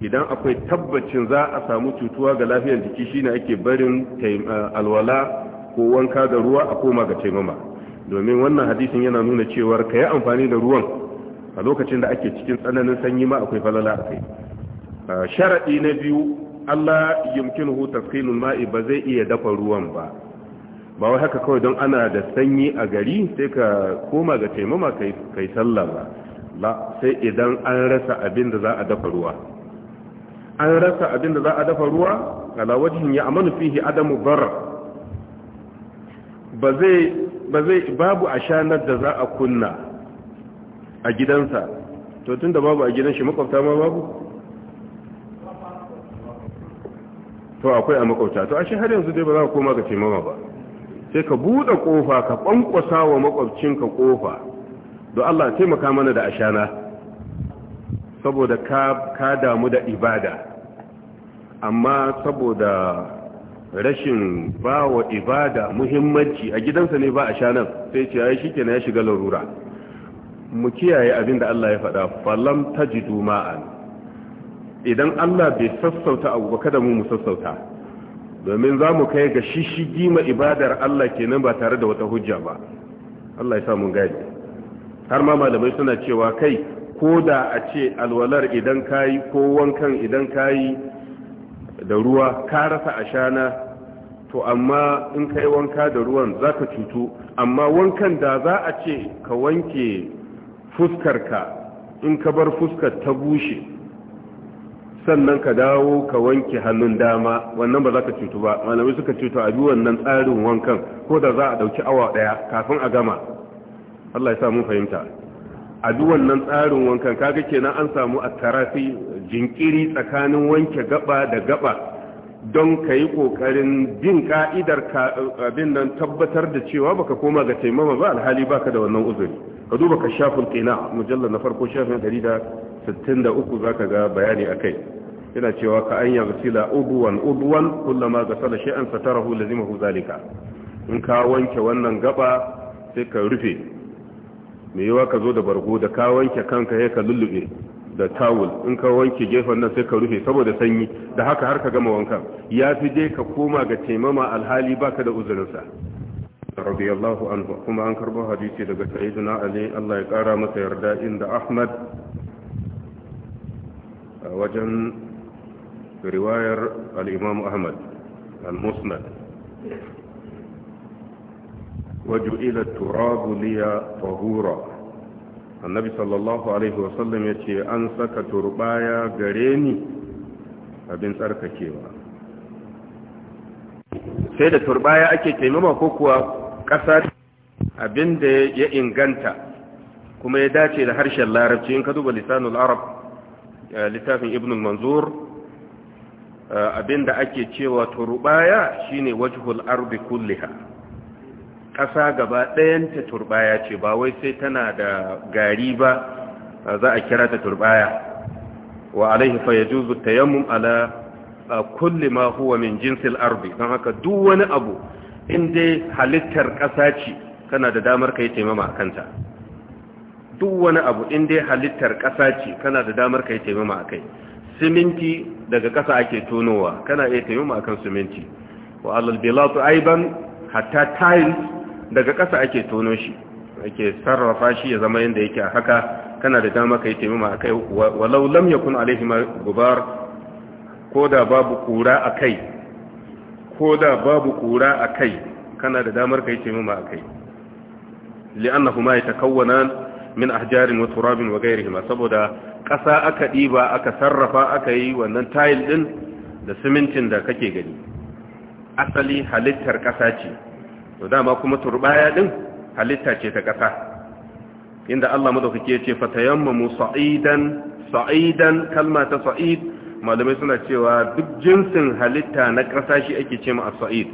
idan akwai tabbacin za a samu cutuwa ga lafiyar jiki shine ake barin eh, alwala ko wanka da ruwa a koma ga taimama domin wannan hadisin yana nuna cewar ka yi amfani da ruwan a lokacin da ake cikin tsananin sanyi ma akwai falala a kai sharaɗi na biyu Allah yumkinuhu tasqilul ma'i ba zai iya dafa ruwan ba ba wai haka kawai don ana da sanyi a gari sai ka koma ga taimama kai sallah ba la sai idan an rasa abin da za a dafa ruwa an rasa abin da za a dafa ruwa ala wajhin ya amanu fihi adamu barra ba zai ba babu ashanar da za a kunna a gidansa to tunda babu a gidan shi makwabta ma babu to akwai a makwabta to ashe har yanzu dai ba za ka koma ga taimama ba sai ka buɗe ƙofa ka ƙwanƙwasa wa makwabcinka ƙofa don Allah taimaka mana da ashana saboda ka damu da ibada amma saboda rashin ba wa ibada muhimmanci a gidansa ne ba a shanan sai ce ya shi kenan ya shiga larura mu kiyaye abin da Allah ya faɗa falam tajidu duma'an. idan Allah bai sassauta abu ba kada mu mu sassauta domin za mu kai ga shishigi ma ibadar Allah kenan ba tare da wata hujja ba Allah ya sa mun gani har ma malamai suna cewa kai ko da a ce alwalar idan kayi ko wankan idan kayi da ruwa ka rasa ashana to amma in kai wanka da ruwan za ka cutu amma wankan da za a ce ka wanke fuskarka in ka bar fuskar ta bushe sannan ka dawo ka wanke hannun dama wannan ba za ka cutu ba malamai suka cutu a bi wannan tsarin wankan ko da za a ɗauki awa ɗaya kafin a gama Allah ya samu fahimta a bi wannan tsarin wankan kaga kenan an samu a tarafi jinkiri tsakanin wanke gaba da gaba don ka yi ƙoƙarin bin ka'idar abin nan tabbatar da cewa baka koma ga taimama ba alhali baka da wannan uzuri ka duba ka shafin ƙina mujallar na farko shafin 63 zaka ga bayani akai yana cewa ka an yagsila udwan ubuwan kullama gasala shay'an satarahu lazimahu zalika in ka wanke wannan gaba sai ka rufe me yawa ka zo da bargo da ka wanke kanka sai ka lullube da tawul in ka wanke gefen nan sai ka rufe saboda sanyi da haka har ka gama wankan ya fi je ka koma ga taimama alhali baka da uzurinsa radiyallahu anhu kuma an karbo hadisi daga sayyidina ali Allah ya kara masa yarda inda ahmad a wajen riwayar al'imam ahmad al-musnad وجعل التراب لي طهورا النبي صلى الله عليه وسلم يتي أن سك تربايا غريني abin tsarkakewa sai da turbaya ake taimama ko kuwa ƙasa abin da ya inganta kuma ya dace da harshen larabci in ka duba lisanul arab Eh, littafin ibn manzur eh, abinda ake cewa turbaya shine wajhul ardi kulliha ƙasa gaba ɗayanta turbaya ce ba wai sai tana da gari ba eh, za a kira ta turbaya wa alaihi fa yajuzu tayammum ala kulli ma huwa min jinsil ardi don haka duk wani abu in dai halittar ƙasa ce kana da damar kai taimama a kanta duk wani abu in dai halittar ƙasa ce kana da damar ka yi taimama kai. siminti daga ƙasa ake tonowa kana iya taimama kan siminti wa alal bilatu aiban hatta tiles daga ƙasa ake tono shi ake sarrafa shi ya zama yadda yake a haka kana da damar ka kai taimama kai walau lam yakun alaihi gubar da babu kura Ko da babu kura kai? kana da damar ka kai taimama akai li'annahu ma yatakawwana min ahjarin wa turabin wa gairihima saboda ƙasa aka ɗiba aka sarrafa aka yi wannan tayil ɗin da simintin da kake gani asali halittar ƙasa ce to dama kuma turbaya ɗin halitta ce ta ƙasa inda Allah madaukake ya ce fatayammamu sa'idan sa'idan kalma ta sa'id malamai suna cewa duk jinsin halitta na ƙasa shi ake ce ma sa'id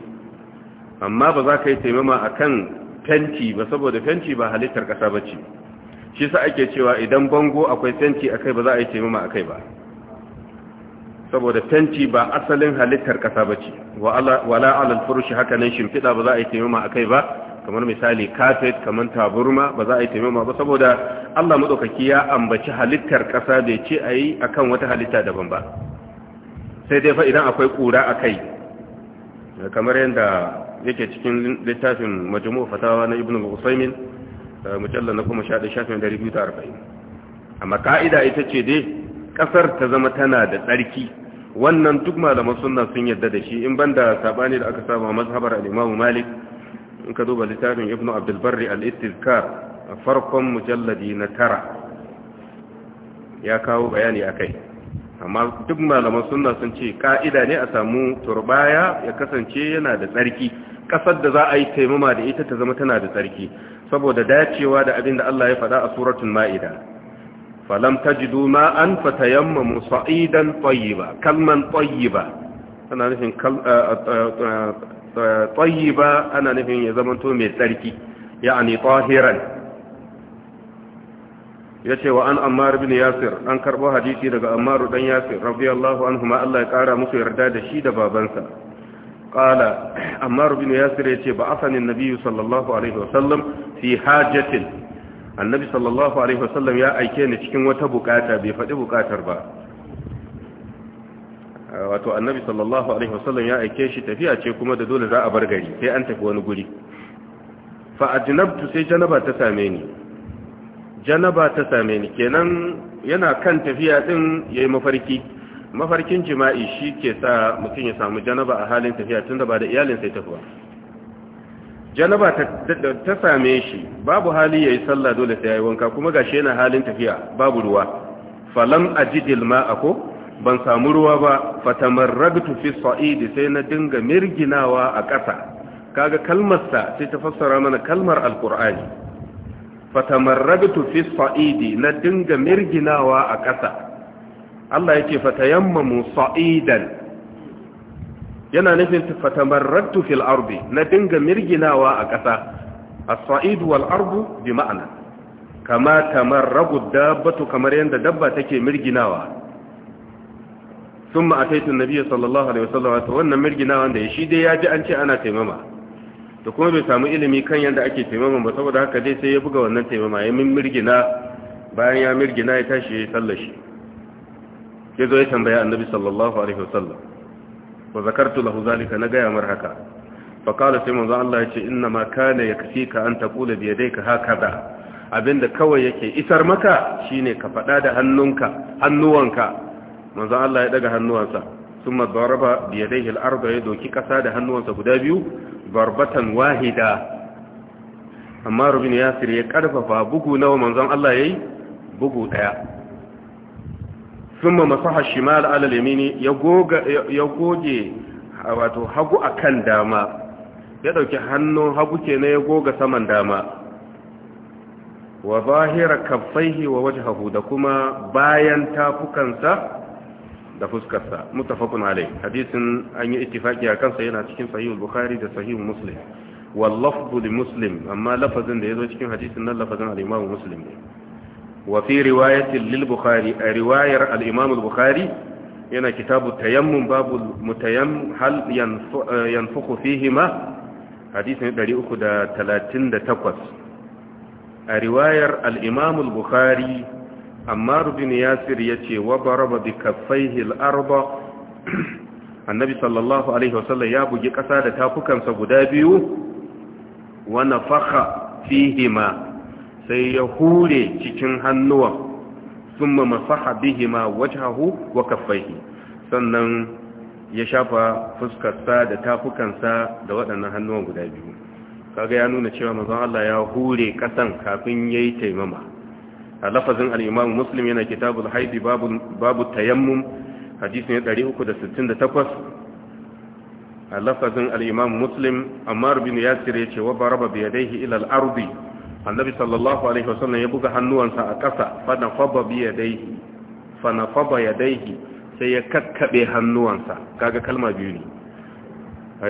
amma ba za ka yi taimama akan fenti ba saboda fenti ba halittar ƙasa bace shi sa ake cewa idan bango akwai fenti kai ba za a yi taimama kai ba saboda fenti ba asalin halittar kasa ce wala alal furushi haka nan shimfiɗa ba za a yi taimama kai ba kamar misali kafet kamar taburma ba za a yi taimama ba saboda Allah maɗaukaki ya ambaci halittar ƙasa bai ce a yi a kan wata halitta daban ba sai dai fa idan akwai ƙura a kai kamar yadda yake cikin littafin majamu fatawa na ibn Eh, mujallar na kuma shaɗin shafin dari biyu da arba'in amma ka'ida ita ce dai ƙasar ta zama tana da tsarki wannan duk malaman sunna sun yadda da shi in banda sabani da aka saba mazhabar al Malik in ka duba littafin Ibn Abdul Barri a farkon mujalladi na tara ya kawo bayani a kai. amma duk malaman sunna sun ce ka'ida ne a samu turbaya ya kasance yana da tsarki kasar da za a yi taimama da ita ta zama tana da tsarki saboda dacewa da abin da Allah ya faɗa a suratul ma'ida falam tajidu an fatayammamu sa'idan tayyiba kalman tayyiba ana nufin tayyiba ana nufin ya zama to mai tsarki ya'ani tahiran ya ce wa an ammar bin yasir an karɓo hadisi daga ammaru dan yasir radiyallahu anhu ma Allah ya kara musu yarda da shi da babansa qala ammar bin yasir ya ce ba asani annabi sallallahu alaihi wasallam fi hajatin annabi sallallahu alaihi wasallam ya aike ni cikin wata bukata bai faɗi bukatar ba wato annabi sallallahu alaihi wasallam ya aike shi tafiya ce kuma da dole za a bar gari sai an tafi wani guri fa ajnabtu sai janaba ta same ni janaba ta same ni kenan yana kan tafiya din yayi mafarki mafarkin jima'i shi ke sa mutum ya samu janaba a halin tafiya tunda ba da iyalin sai tafiya janaba ta same shi babu hali yayi sallah dole sai yayi wanka kuma gashi yana halin tafiya babu ruwa falam ajidil ma'a ko ban samu ruwa ba fatamarragtu fi sa'id sai na dinga mirginawa a ƙasa kaga kalmar sa sai ta fassara mana kalmar alqur'ani fatamarrabtu fi sa'idi na dinga mirginawa a ƙasa Allah yake fatayammamu sa'idan yana nufin fatamarrabtu fil ardi na dinga mirginawa a ƙasa as-sa'idu wal ardu bi ma'ana kama tamarrabu dabbatu kamar yanda dabba take mirginawa thumma ataitu an-nabiy sallallahu alaihi wasallam to wannan mirginawa da shi dai ya ji an ce ana taimama da kuma bai samu ilimi kan yadda ake taimama ba saboda haka dai sai ya buga wannan taimama ya min mirgina bayan ya mirgina ya tashi ya yi shi ya zo ya tambaya annabi sallallahu alaihi wasallam wa zakartu lahu zalika na gaya mar haka fa qala sai manzo Allah ya ce inna ma kana yakfika an taqula bi yadayka hakaza abinda kawai yake isar maka shine ka fada da hannunka hannuwanka manzo Allah ya daga hannuwansa sun madaraba da ya daihil ya doki ƙasa da hannuwansa guda biyu barbatan wahida amma rubin yasir ya karfafa bugu nawa manzon Allah ya yi bugu ɗaya sun ma masaha shimal alal yamini ya goge wato hagu akan dama ya ɗauki hannun hagu ke ya goga saman dama wa zahira kaffaihi wa hahu da kuma bayan tafukansa da fuskarsa mutafakun alai hadisin an yi ittifaki a kansa yana cikin sahihul bukhari da sahihul muslim wallafdu li muslim amma lafazin da yazo cikin hadisin nan lafazin al-imamu muslim ne wa fi riwayati lil bukhari a riwayar al-imamu bukhari yana kitabu tayammum babu mutayamm hal yanfukhu fihi ma hadisin 338 a riwayar al-imamu bukhari amma rubin yasir ya ce wa baraba bi kaffaihi al-arba <clears throat> annabi sallallahu alaihi wasallam ya bugi ƙasa da tafukansa guda biyu wa faha fihima sai ya hure cikin hannuwan sun thumma faha bihima wajhahu wa kaffaihi sannan ya shafa fuskarsa da tafukansa da waɗannan hannuwan guda biyu kaga ya nuna cewa manzon Allah ya hure ƙasan kafin ya yi taimama lafazin al-imam muslim yana kitabul haidi babu babu tayammum hadisi ne 368 lafazin al-imam muslim ammar bin yasir yace wa baraba bi yadayhi ila al-ardi annabi sallallahu alaihi wasallam ya buga hannuwansa a ƙasa fa nafaba bi yadayhi fa nafaba yadayhi sai ya kakkabe hannuwansa kaga kalma biyu ne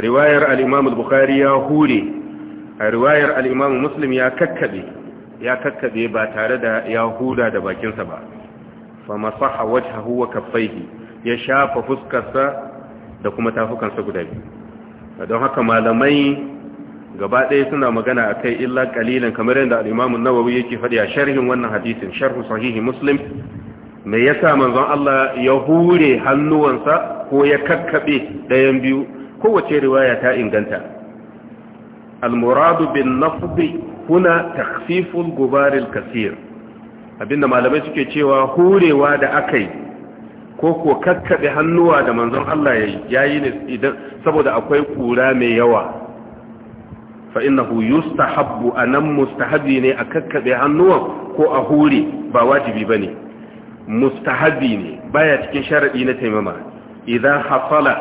riwayar al-imam al-bukhari ya hure a riwayar al-imam muslim ya kakkabe ya kakkaɓe ba tare da ya huda da bakinsa ba fa masaha wajhahu wa ya shafa fuskarsa da kuma tafukansa guda biyu don haka malamai gaba ɗaya suna magana a kai illa ƙalilin kamar yadda al'imamun nawawi yake faɗi a sharhin wannan hadisin sharhu sahihi muslim me yasa manzon Allah ya hure hannuwansa ko ya kakkaɓe ɗayan biyu kowace riwaya ta inganta al-muradu bin nafdi huna takhfiful gubarin kasir abinda malamai suke cewa hurewa da yi ko ko kakkaɓe hannuwa da manzon Allah yayi yayi ne idan saboda akwai kura mai yawa fa innahu a nan mustahabi ne a kakkaɓe hannuwa ko a hure ba wajibi ba ne mustahabi ne baya cikin sharaɗi na taimama idan hafala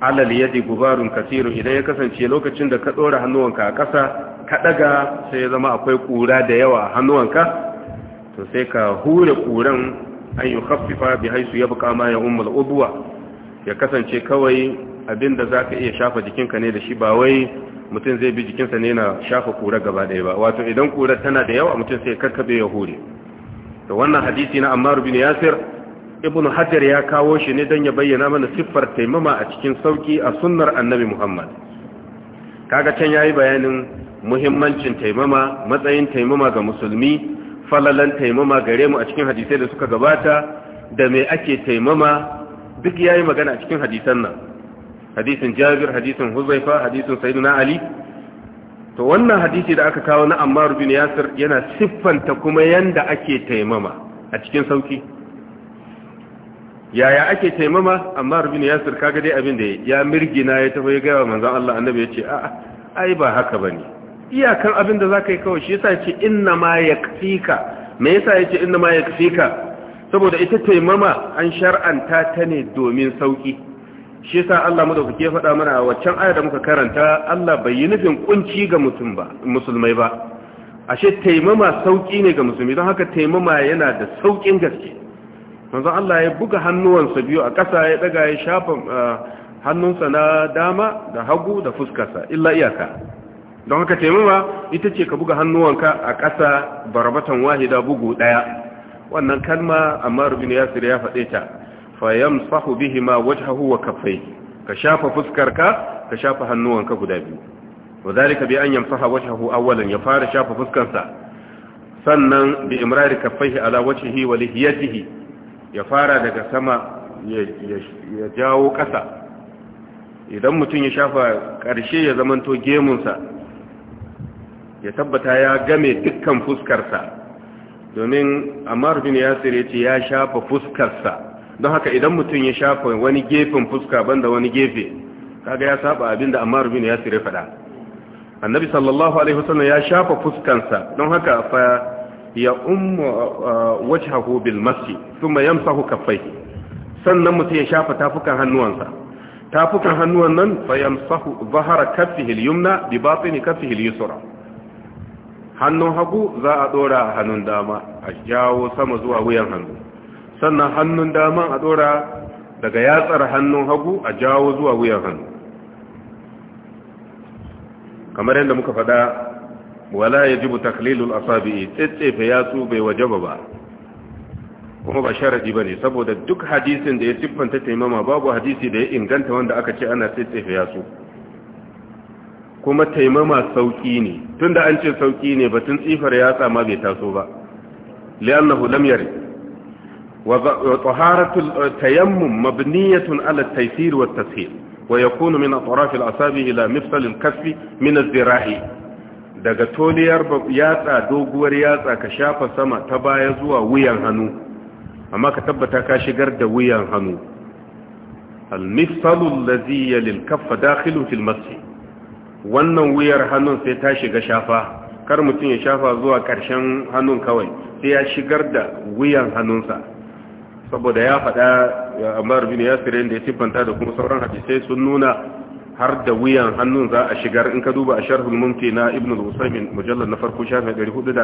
alal yadi gubarun kasirun idan ya kasance lokacin da ka ɗora hannuwanka a ƙasa ka daga sai ya zama akwai kura da yawa hannuwanka to sai ka hure kuran an yi haffifa bi haisu ya buka ya umar ubuwa ya kasance kawai abinda za ka iya shafa jikinka ne da shi ba wai mutum zai bi jikinsa ne na shafa kura gaba ɗaya ba wato idan kurar tana da yawa mutum sai karkabe ya hure da wannan hadisi na ammar bin yasir ibn hajar ya kawo shi ne don ya bayyana mana siffar taimama a cikin sauki a sunnar annabi muhammad kaga can ya yi bayanin muhimmancin taimama matsayin taimama ga musulmi falalan taimama gare mu a cikin hadisai da suka gabata da mai ake taimama duk yayi magana a cikin hadisan nan hadisin Jabir hadisin Huzaifa hadisin Sayyidina Ali to wannan hadisi da aka kawo na Ammar bin Yasir yana siffanta kuma yanda ake taimama a cikin sauki yaya ake taimama Ammar bin Yasir kaga dai abin da ya mirgina ya tafi ya ga manzon Allah annabi ya ce a'a ai ba haka bane iyakar abin da za ka yi kawai shi yasa ce inna ma ya me yasa ya ce inna ma ya saboda ita taimama an shar'anta ta ne domin sauki shi yasa Allah madaukake ya faɗa mana a waccan aya da muka karanta Allah bai yi nufin kunci ga mutum ba musulmai ba ashe taimama sauki ne ga musulmi don haka taimama yana da saukin gaske manzon Allah ya buga hannuwansa biyu a ƙasa ya daga ya shafa ah, hannunsa na dama da hagu da fuskarsa illa iyaka don haka taimama ita ce ka buga hannuwanka a ƙasa barbatan wahida bugu ɗaya wannan kalma amma rubin yasir ya faɗe ta fayam sahu bihi ma wajhahu wa kaffai ka shafa fuskarka ka shafa hannuwanka guda biyu wa zalika bi an yamsaha wajhahu awwalan ya fara shafa fuskarsa sannan bi imrari kaffaihi ala wajhihi wa lihiyatihi ya fara daga sama ya jawo ƙasa idan mutum ya shafa ƙarshe ya zamanto gemunsa ya tabbata ya game dukkan fuskarsa domin Ammar bin Yasir yace ya shafa fuskarsa don haka idan mutum ya shafa wani gefen fuska banda wani gefe kaga ya saba abinda Ammar bin Yasir ya faɗa Annabi sallallahu alaihi wasallam ya shafa fuskansa don haka fa ya ummu uh, wajhahu bil masjid thumma yamsahu kaffayhi sannan mutum ya shafa tafukan hannuwansa tafukan hannuwan nan fa fayamsahu zahara kaffihi al-yumna bi batini kaffihi al-yusra hannun hagu za a dora a hannun dama a jawo sama zuwa wuyan hannu sannan hannun dama a dora daga yatsar hannun hagu a jawo zuwa wuyan hannu kamar yadda muka faɗa wala ya yajibu taklilul asabi'i tsetsefe yatsu bai wajaba ba kuma ba sharadi ne, saboda duk hadisin da ya siffanta taimama babu hadisi da ya inganta wanda aka ce ana tsetsefe yatsu kuma taimama sauki ne tunda an ce sauki ne batun tsifar yatsa ma bai taso ba li'annahu lam yari taharatul tayammum mabniyatun ala at-taysir wa at wa yakunu min atrafil asabi ila mifsal al-kaff min az-zirahi daga toliyar yatsa doguwar yatsa ka shafa sama ta baya zuwa wuyan hannu amma ka tabbata ka shigar da wuyan hannu al-mifsal alladhi yalil kaff dakhilu fil masjid wannan wuyar hannun sai ta shiga shafa kar mutum ya shafa zuwa ƙarshen hannun kawai sai ya shigar da wuyan hannunsa saboda ya faɗa Ammar bin Yasir da ya siffanta da kuma sauran hadisai sun nuna har da wuyan hannun za a shigar in ka duba a sharhul mumti na Ibn al-Usaymin mujallal na farko shafin 447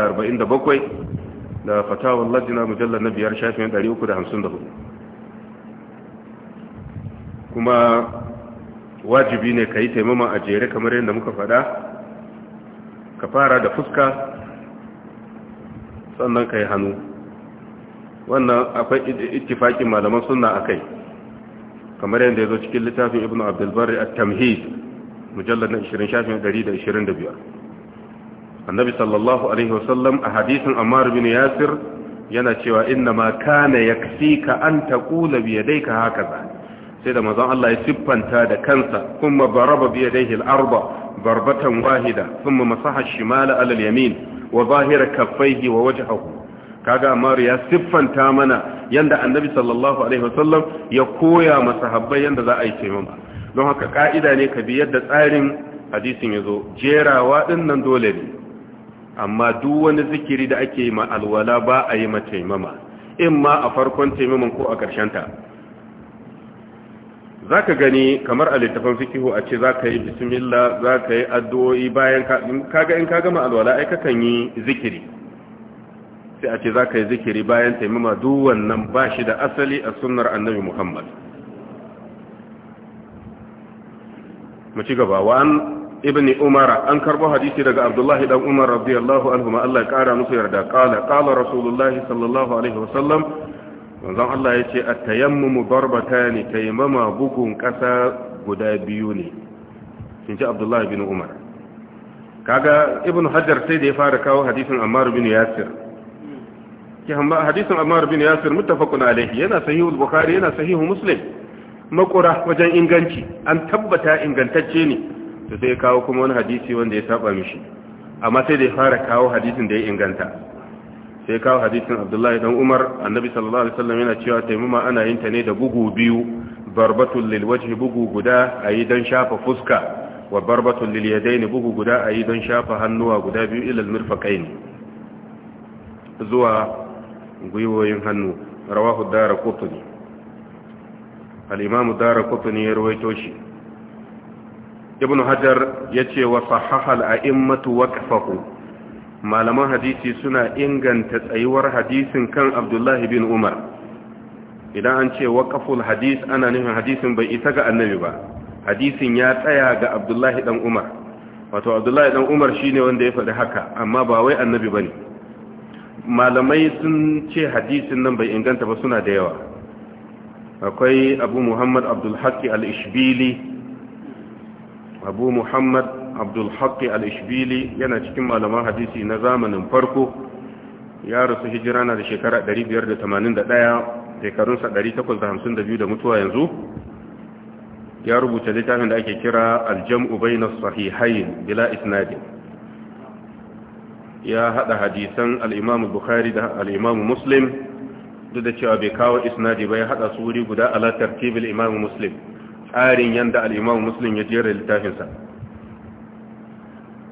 da fatawar lajina mujallal na biyar shafin 354 kuma wajibi ne ka yi taimama a jere kamar yadda muka faɗa ka fara da fuska sannan ka yi hannu wannan akwai ittifakin malaman sunna a kai kamar yadda ya zo cikin littafin ibn abdulbari a tamhid mujallar na 20 shafin annabi sallallahu alaihi wasallam a hadisin ammar bin yasir yana cewa inna ma kana yaksika an dai ka haka za. sai da mazan Allah ya siffanta da kansa kuma baraba bi yadayhi al barbatan wahida sun masaha ash-shimala alal yamin wa zahira kaffayhi wa wajhahu kaga Ammar ya siffanta mana yanda Annabi sallallahu alaihi wasallam ya koya masahabbai yanda za a yi taimama don haka ka'ida ne ka bi yadda tsarin hadisin ya zo jerawa nan dole ne amma duk wani zikiri da ake yi ma alwala ba a yi ma taimama in ma a farkon taimaman ko a ƙarshen ta za ka gani kamar a littafin fikihu a ce za ka yi bismillah za ka yi addu'o'i bayan kaga in ka gama alwala ai kakan yi zikiri sai a ce za ka yi zikiri bayan taimama duk wannan ba shi da asali a sunnar annabi muhammad mu ci gaba wa ibn umar an karbo hadisi daga abdullahi dan umar radiyallahu anhu ma Allah ya kara musu yarda qala qala rasulullahi sallallahu alaihi wasallam manzon Allah ya ce a at-tayammumu ne tayammama bugun ƙasa guda biyu ne sun ce Abdullahi bin Umar kaga Ibn hajjar sai da ya fara kawo hadisin Ammar bin Yasir ki hamba hadisin Ammar bin Yasir muttafaqun alayhi yana sahihu bukhari yana sahihu Muslim makura wajen inganci an tabbata ingantacce ne to sai kawo kuma wani hadisi wanda ya saba mishi amma sai da ya fara kawo hadisin da ya inganta sai kawo hadisin abdullahi dan umar annabi sallallahu alaihi wasallam yana cewa taimama ana yin ta ne da bugu biyu barbatul lil wajhi bugu guda ayi dan shafa fuska wa barbatul lil yadaini bugu guda ayi dan shafa hannuwa guda biyu ila al zuwa gwiwoyin hannu rawahu daraqutni al-imam daraqutni ya rawaito shi ibn hajar yace wa sahaha al-a'immatu waqfahu malaman hadisi suna inganta tsayuwar hadisin kan abdullahi bin umar idan an ce waƙaful hadis ana nufin hadisin bai isa ga annabi ba hadisin ya tsaya ga abdullahi dan umar wato abdullahi dan umar shine wanda ya faɗi haka amma ba wai annabi ba ne malamai sun ce hadisin nan bai inganta ba suna da yawa akwai abu muhammad abdulhaki al-ishbili abu muhammad abdulhaq al-ishbili yana cikin malaman hadisi na zamanin farko ya rasu hijira na da shekara 581 shekarunsa 852 da mutuwa yanzu ya rubuta littafin da ake kira aljam'u bayna sahihayn bila isnadin ya hada hadisan al bukhari da al muslim duk da cewa bai kawo isnadi ba ya hada su wuri guda alatar tartibil imam muslim tsarin yadda al muslim ya jera littafinsa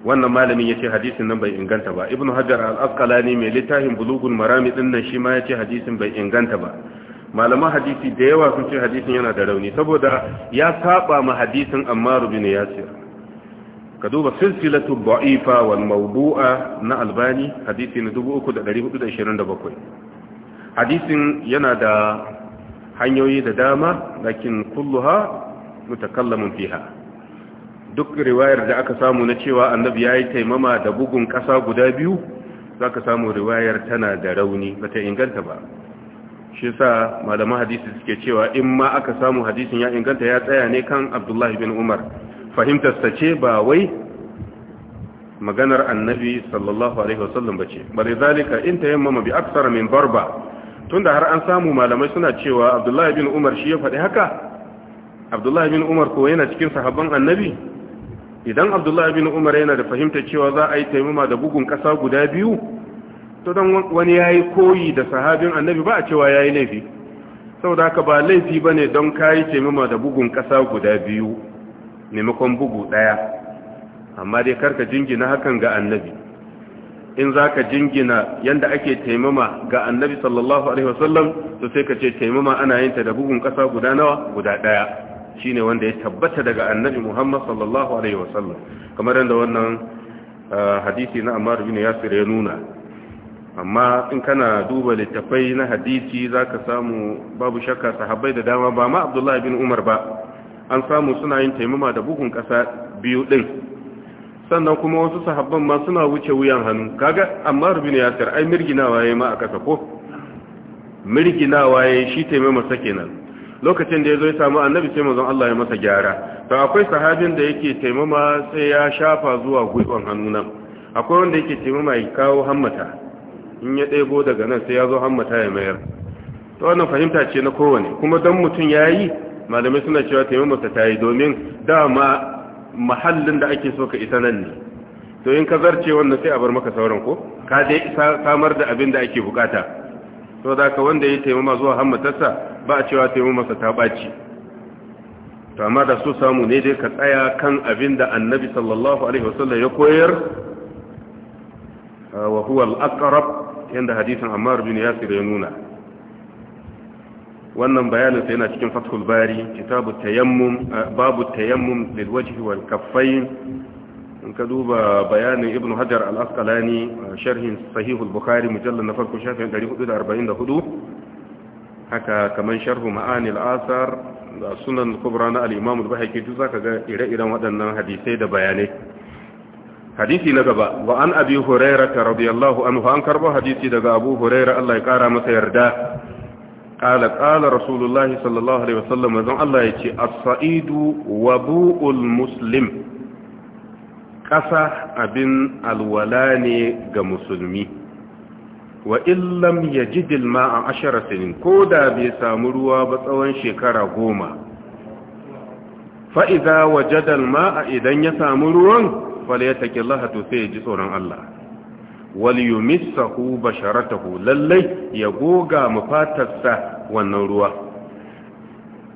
wannan malamin ya ce hadisin nan bai inganta ba ibn hajar al ne mai littafin bulugun marami din nan shi ma ya ce hadisin bai inganta ba malaman hadisi da yawa sun ce hadisin yana da rauni saboda ya saba ma hadisin ammar bin yasir ka duba silsilatu da'ifa wal mawdu'a na albani hadisi na 3427 hadisin yana da hanyoyi da dama lakin kulluha mutakallamun fiha duk riwayar da aka samu na cewa annabi ya yi taimama da bugun ƙasa guda biyu za ka samu riwayar tana da rauni ba ta inganta ba shi sa malaman hadisi suke cewa in ma aka samu hadisin ya inganta ya tsaya ne kan abdullahi bin umar fahimtar fahimtarsa ce ba wai maganar annabi sallallahu alaihi wasallam ba ce bari zalika in tayammama bi aksar min barba da har an samu malamai suna cewa abdullahi bin umar shi ya faɗi haka abdullahi bin umar ko yana cikin sahabban annabi idan abdullahi bin umar yana da fahimtar cewa za a yi taimama da bugun kasa guda biyu to don wani yayi koyi da sahabin annabi ba a cewa ya yi laifi saboda haka ba laifi ba ne don ka taimama da bugun kasa guda biyu maimakon bugu daya amma dai karka jingina hakan ga annabi in zaka jingina yanda ake taimama ga annabi sallallahu alaihi wasallam to sai ka ce taimama ana yin ta da bugun kasa guda nawa guda daya shine wanda ya tabbata daga annabi Muhammad sallallahu alaihi wasallam kamar yadda wannan ah, hadisi na Ammar bin Yasir ya nuna amma in kana duba littafai na hadisi zaka samu babu shakka sahabbai da dama ba ma Abdullah bin Umar ba an samu suna yin taimama da bugun kasa biyu din sannan kuma wasu sahabban ma suna wuce wuyan hannu kaga Ammar bin Yasir ai mirginawa yayi ma a kasa ko mirginawa yayi shi taimama kenan lokacin da ya zo ya samu annabi sai manzon Allah ya masa gyara to akwai sahabin da yake taimama sai ya shafa zuwa gwiwan hannu nan akwai wanda yake taimama ya kawo hammata in ya ɗebo daga nan sai ya zo hammata ya mayar to wannan fahimta ce na kowane kuma dan mutum ya yi malamai suna cewa taimama ta yi domin dama mahallin da ake so ka isa nan ne to in ka zarce wannan sai a bar maka sauran ko ka dai samar da abin da ake bukata to da ka wanda ya taimama zuwa hammatarsa ba a cewa taimamarsa ta ɓaci to amma da su samu ne dai ka tsaya kan abin da annabi sallallahu alaihi wasallam ya koyar ah, wa huwa al-aqrab yanda hadisin Ammar bin Yasir ya nuna wannan bayanin sa yana cikin Fathul Bari tayammum ah, babu tayammum lil wajhi wal kaffayn in ka duba bayanin ibn hajar al-asqalani sharhin sahihul bukhari mujallal na farko shafin 444 haka kaman sharhu ma'anil asar da sunan kubra na al-imam al-bahaqi duk zaka ga ire-iren waɗannan hadisai da bayanai hadisi na gaba wa an abi hurairah radiyallahu anhu an karbo hadisi daga abu hurairah Allah ya kara masa yarda قال قال رسول الله صلى الله عليه وسلم الله يجي الصعيد وبوء المسلم ƙasa abin alwala ne ga musulmi wa illam ya ji dilma a ashirar sinin ko da bai samu ruwa ba tsawon shekara goma fa'iza waje dalma a idan ya samu ruwan fal ya taƙi lahatu sai ya ji tsoron Allah waliyumissahu basharatahu lallai ya goga mafatarsa wannan ruwa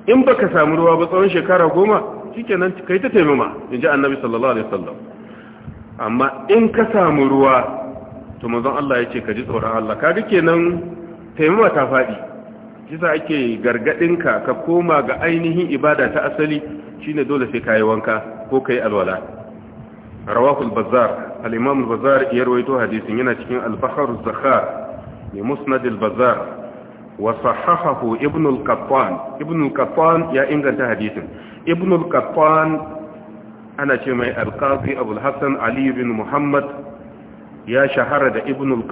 in baka samu ruwa ba tsawon shekara goma shikenan kai ta taimama in ji annabi sallallahu alaihi wasallam amma in ka samu ruwa to manzon Allah ya ce ka ji tsoron Allah kaga kenan taimama ta faɗi kisa ake gargadinka ka koma ga ainihin ibada ta asali shine dole sai kayi wanka ko kai alwala rawahul bazzar al-imam al-bazzar ya rawaito hadisin yana cikin al-bahr az-zakhar ne musnad al-bazzar qattan ibn al-qattan ya inganta hadisin ibn al-qattan ana ce mai alkazi abulhassan ali bin muhammad ya shahara da ibn al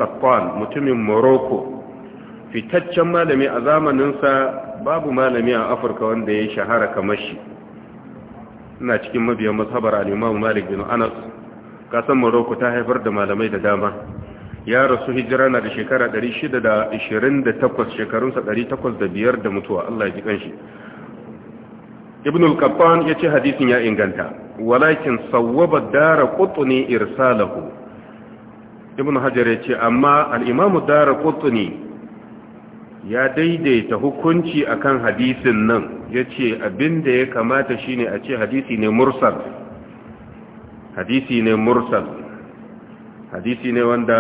mutumin morocco fitaccen malami a zamaninsa babu malami a afirka wanda ya shahara kamar shi ina cikin mabiyan mazhabar al malik bin anas kasan morocco ta haifar da malamai da dama ya rasu hijira na da shekara 628 shekarunsa 805 da mutuwa allah ya ji kanshi ibn al-qattan yace hadisin ya inganta walakin sawwaba dara qutni irsalahu ibn hajar yace amma al dara qutni ya daidaita hukunci akan hadisin nan yace abinda ya kamata shine a ce hadisi ne mursal hadisi ne mursal hadisi ne wanda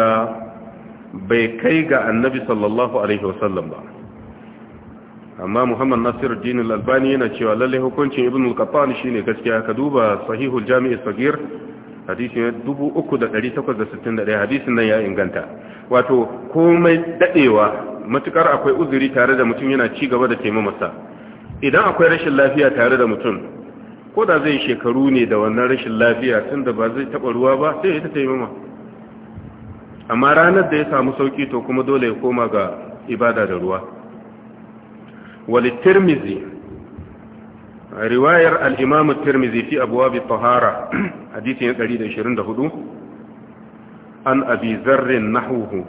bai kai ga annabi sallallahu alaihi wasallam ba amma muhammad nasiru al albani yana cewa lalle hukuncin ibn al-qattan shine gaskiya ka duba sahihul jami'i sagir hadisi ne 3861 hadisin nan ya inganta wato komai dadewa matukar akwai uzuri tare da mutum yana ci gaba da taimamarsa idan akwai rashin lafiya tare da mutum ko da zai shekaru ne da wannan rashin lafiya tunda ba zai taba ruwa ba sai ya taimama amma ranar da ya samu sauki to kuma dole ya koma ga ibada da ruwa وللترمذي riwayar al'imamu tirmizi fi abuwa bi tahara hadisin 124 an abi zarrin nahuhu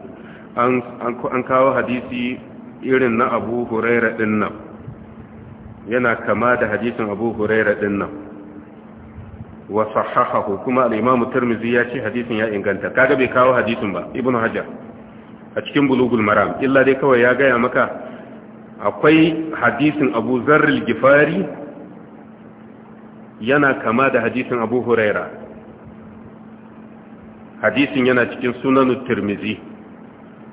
an kawo hadisi irin na abu huraira dinnan yana kama da hadisin abu huraira dinnan wa sahahahu kuma al'imamu tirmizi ya ce hadisin ya inganta kaga bai kawo hadisin ba ibn hajar a cikin bulugul maram illa dai kawai ya gaya maka akwai hadisin abu zarril gifari yana kama da hadisin abu huraira hadisin yana cikin sunanu tirmizi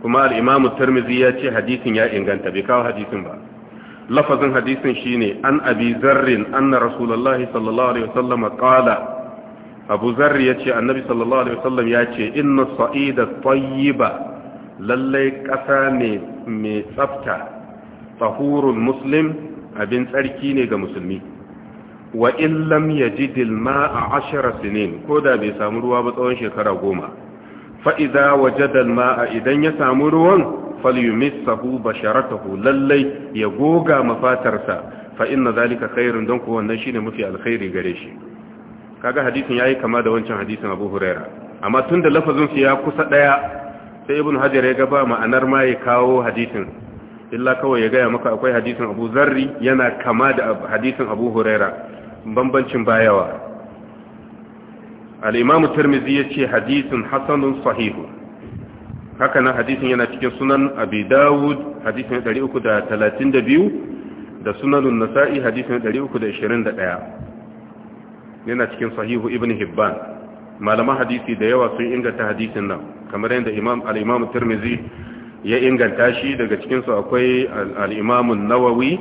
kuma al'imamu tirmizi ya ce hadisin ya inganta bai kawo hadisin ba lafazin hadisin shi ne an abi zarrin anna rasulullahi sallallahu alaihi wasallam qala abu zarri ya ce annabi sallallahu alaihi wasallam ya ce inna sa'ida tayyiba lallai ƙasa mai tsafta tsahurun muslim abin tsarki ne ga musulmi wa illam yajidil ma'a ashara sinin ko da bai samu ruwa ba tsawon shekara goma fa idza wajada ma'a idan ya samu ruwan falyumissahu basharatahu lallai ya goga mafatarsa fa inna zalika khairun don ko wannan shine mafi alkhairi gare shi kaga hadisin yayi kama da wancan hadisin Abu Huraira amma tunda lafazin su ya kusa daya sai Ibn Hajar ya ga ba ma'anar ma ya kawo hadisin illa kawai ya gaya maka akwai hadisin abu zarri yana kama da hadisin abu huraira bambancin bayawa al'imamu turmizi ya ce hadisin hassanun sahihu haka nan hadisin yana cikin sunan abi dawud hadisin 332 da sunanun nasa'i hadisin 321 yana cikin sahihu ibn hibban malaman hadisi da yawa sun inganta hadisin nan kamar yadda al'imamu turmizi ya inganta shi daga cikinsu akwai al'imamun nawawi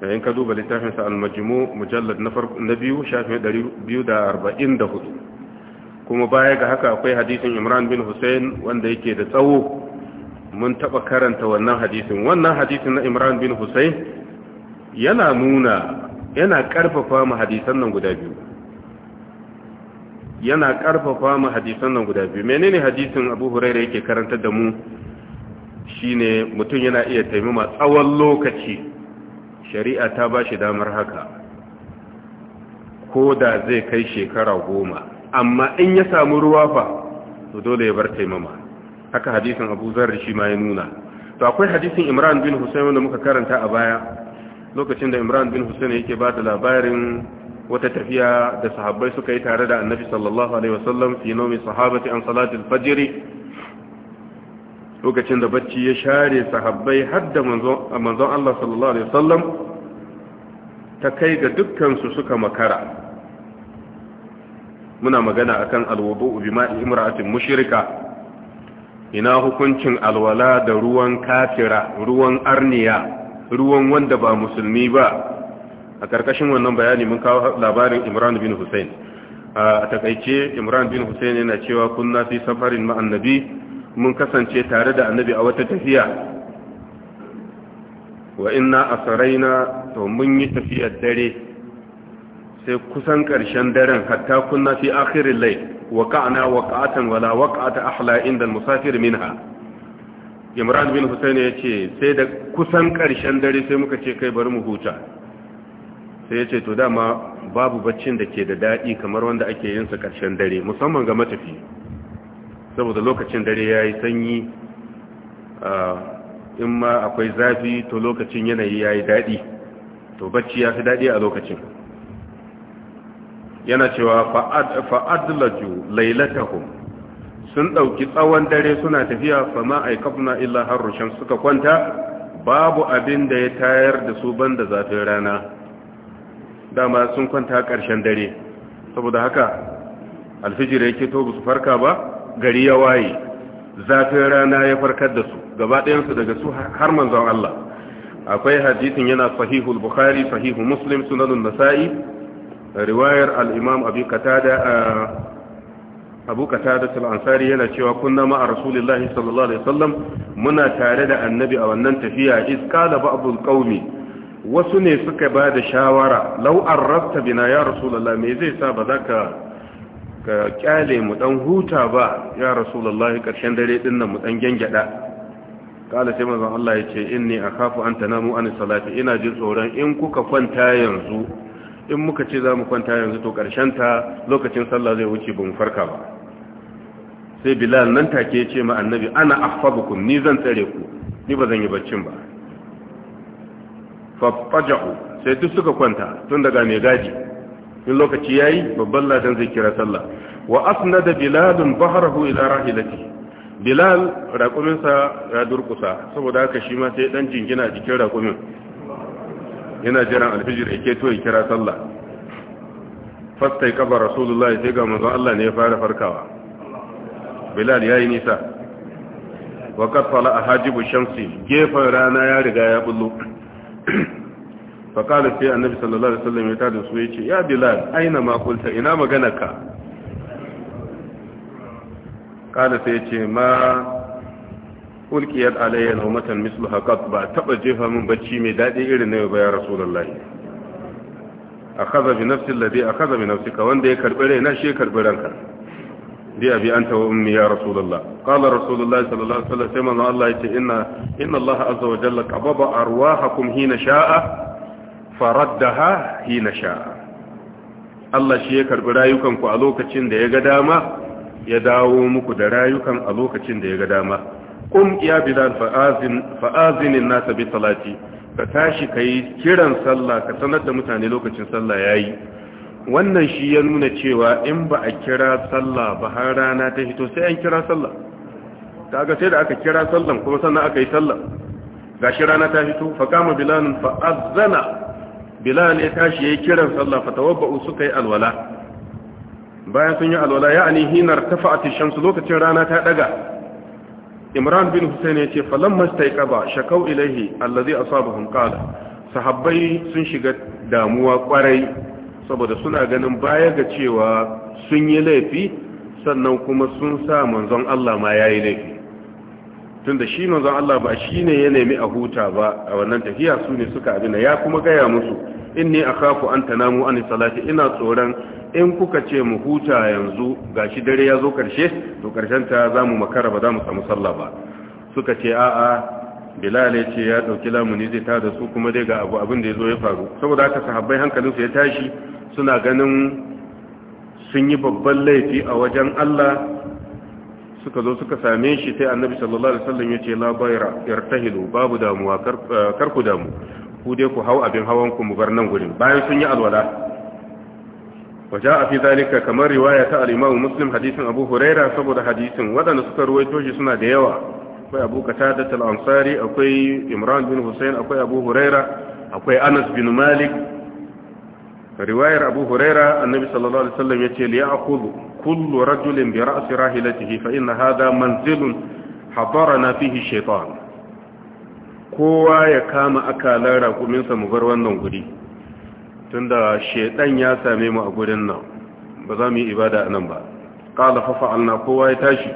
da eh, yin ka duba littafinsa al-majmu mujallar na biyu shafi 244 kuma baya ga haka akwai hadisin imran bin hussein wanda yake da tsawo mun taɓa karanta wannan hadisin wannan hadisin na imran bin hussein yana nuna yana ƙarfafa mu hadisan nan guda biyu yana ƙarfafa mu hadisan nan guda biyu menene hadisin Abu Hurairah yake karanta da mu shine mutum yana iya taimama tsawon lokaci shari'a ta ba shi damar haka ko da zai kai shekara goma amma in ya samu ruwa fa to dole ya bar taimama haka hadisin Abu Zarri shi ma ya nuna to akwai hadisin Imran bin Husayn wanda muka karanta a baya lokacin da Imran bin Husayn yake ba da labarin wata tafiya da sahabbai suka yi tare da annabi sallallahu alaihi wasallam fi nomi sahabati an salatul fajr lokacin da bacci ya share sahabbai har da manzon Allah sallallahu alaihi wasallam ta kai ga dukkan su suka makara muna magana akan alwudu bi ma'i imra'atin mushrika ina hukuncin alwala da ruwan kafira ruwan arniya ruwan wanda ba musulmi ba a ƙarƙashin wannan bayani mun kawo labarin imran bin hussein a takaice imran bin hussein yana cewa kunna fi safarin ma'an mun kasance tare da annabi a wata tafiya wa inna asaraina to mun yi tafiyar dare sai kusan ƙarshen daren hatta kunna fi akhirin lai waka'ana waka'atan wala waka'ata ahla inda musafir minha imran bin Hussein ya ce sai da kusan ƙarshen dare sai muka ce kai bari mu huta sai ya ce to dama babu baccin da ke da daɗi kamar wanda ake yin sa ƙarshen dare musamman ga matafi saboda lokacin dare ya yi sanyi in ma akwai zafi to lokacin yanayi ya yi daɗi to bacci ya fi daɗi a lokacin yana cewa fa'adlaju lailatahum sun ɗauki tsawon dare suna tafiya fama aikafna illa harushen suka kwanta babu abin da ya tayar da su banda zafin rana dama sun kwanta ƙarshen dare saboda haka alfijir yake to su farka ba gari ya waye zafin rana ya farkar da su gaba ɗayansu daga su har manzon Allah akwai hadisin yana sahihul bukhari sahihu muslim sunanun nasa'i riwayar al-imam abi qatada ah, abu ansari yana cewa kunna ma'a rasulillahi sallallahu alaihi wasallam muna tare da annabi a wannan tafiya iz qala ba'dul qaumi wasu ne suka ba da shawara lau'ar an rasta bina ya rasulallah me zai sa ba za ka kyale mu dan huta ba ya rasulallah karshen dare din nan mu dan gengeda kala sai manzon Allah yace inni kafu an tanamu an salati ina jin tsoron in kuka kwanta yanzu in muka ce za mu kwanta yanzu to karshen ta lokacin sallah zai wuce ba mu farka ba sai bilal nan take ya ce ma annabi ana ahfabukum ni zan tsare ku ni ba zan yi baccin ba fattaja'u sai duk suka kwanta tun daga mai gadi in lokaci yayi babban ladan zai kira sallah wa da biladun bahrahu ila rahilati bilal raƙuminsa ya durkusa saboda haka shi ma sai dan jingina jikin raƙumin yana jiran alfijir yake to ya kira sallah fastai kaba rasulullahi sai ga manzon Allah ne ya fara farkawa bilal yayi nisa wa qad tala hajibu shamsi gefen rana ya riga ya bullo <coughs> faƙala sai annabi sallallahu alaihi wasallam ya tada su ya ce ya bilal aina ma ina maganarka ka? sai ya ce ma ulkiyar alayya laumatan mislu haƙat ba taɓa jefa min bacci mai daɗi irin na ba ya rasulullahi a bi nafsin lade a kaza bi nafsika wanda ya karɓi raina shi ya karɓi ranka بأبي أنت وأمي يا رسول الله قال رسول الله صلى الله عليه وسلم سيما الله إن, إن الله عز وجل قبض أرواحكم حين شاء فردها حين شاء Allah shi ya karbi rayukanku a lokacin da ya ga dama ya dawo muku da rayukan a lokacin da ya ga dama kum iya bilal fa'azin fa'azinin nasa bi salati ka tashi yi kiran sallah ka sanar da mutane lokacin sallah yayi wannan shi ya nuna cewa in ba a kira sallah ba har rana ta hito sai an kira sallah ga sai da aka kira sallah kuma sannan aka yi sallah shi rana ta hito fa kama bilan fa azana bilal ya tashi yayi kiran sallah fa tawabba'u suka yi alwala bayan sun yi alwala ya'ani hinar tafa'at ash-shams lokacin rana ta daga imran bin husayn ya ce falamma istayqaba shakau ilayhi allazi asabahum qala sahabbai sun shiga damuwa kwarai saboda suna ganin baya ga cewa sun yi laifi sannan kuma sun sa manzon Allah ma ya yi laifi tunda shi manzon Allah ba shi ne ya nemi a huta ba a wannan tafiya su ne suka abina ya kuma gaya musu in ne a kafu an ta namu an salati ina tsoron in kuka ce mu huta yanzu ga shi dare ya zo karshe to karshen ta mu makara ba za mu samu sallah ba suka ce a'a bilal ya ce ya dauki lamuni zai da su kuma dai ga abu abin da ya zo ya faru saboda haka sahabbai hankalinsu ya tashi suna ganin sun yi babban laifi a wajen Allah suka zo suka same shi sai annabi sallallahu alaihi wasallam ya ce la bayra yartahilu babu damuwa kar eh, ku damu ku dai ku hau abin hawan ku mu bar nan gurin bayan sun yi alwala وجاء في ذلك كما رواية الإمام مسلم حديث أبو هريرة سبب حديث ودن سكر ويتوجي سنة ديوة akwai abu qatada al akwai imran bin husayn akwai abu huraira akwai anas bin malik riwayar abu huraira annabi sallallahu alaihi wasallam yace li ya'khudhu kullu rajulin bi ra'si rahilatihi fa inna hadha manzilun hadarana fihi shaytan kowa ya kama akalan rakuminsa mu bar wannan guri tunda shedan ya same mu a gurin nan ba za mu yi ibada a nan ba qala fa fa'alna kowa ya tashi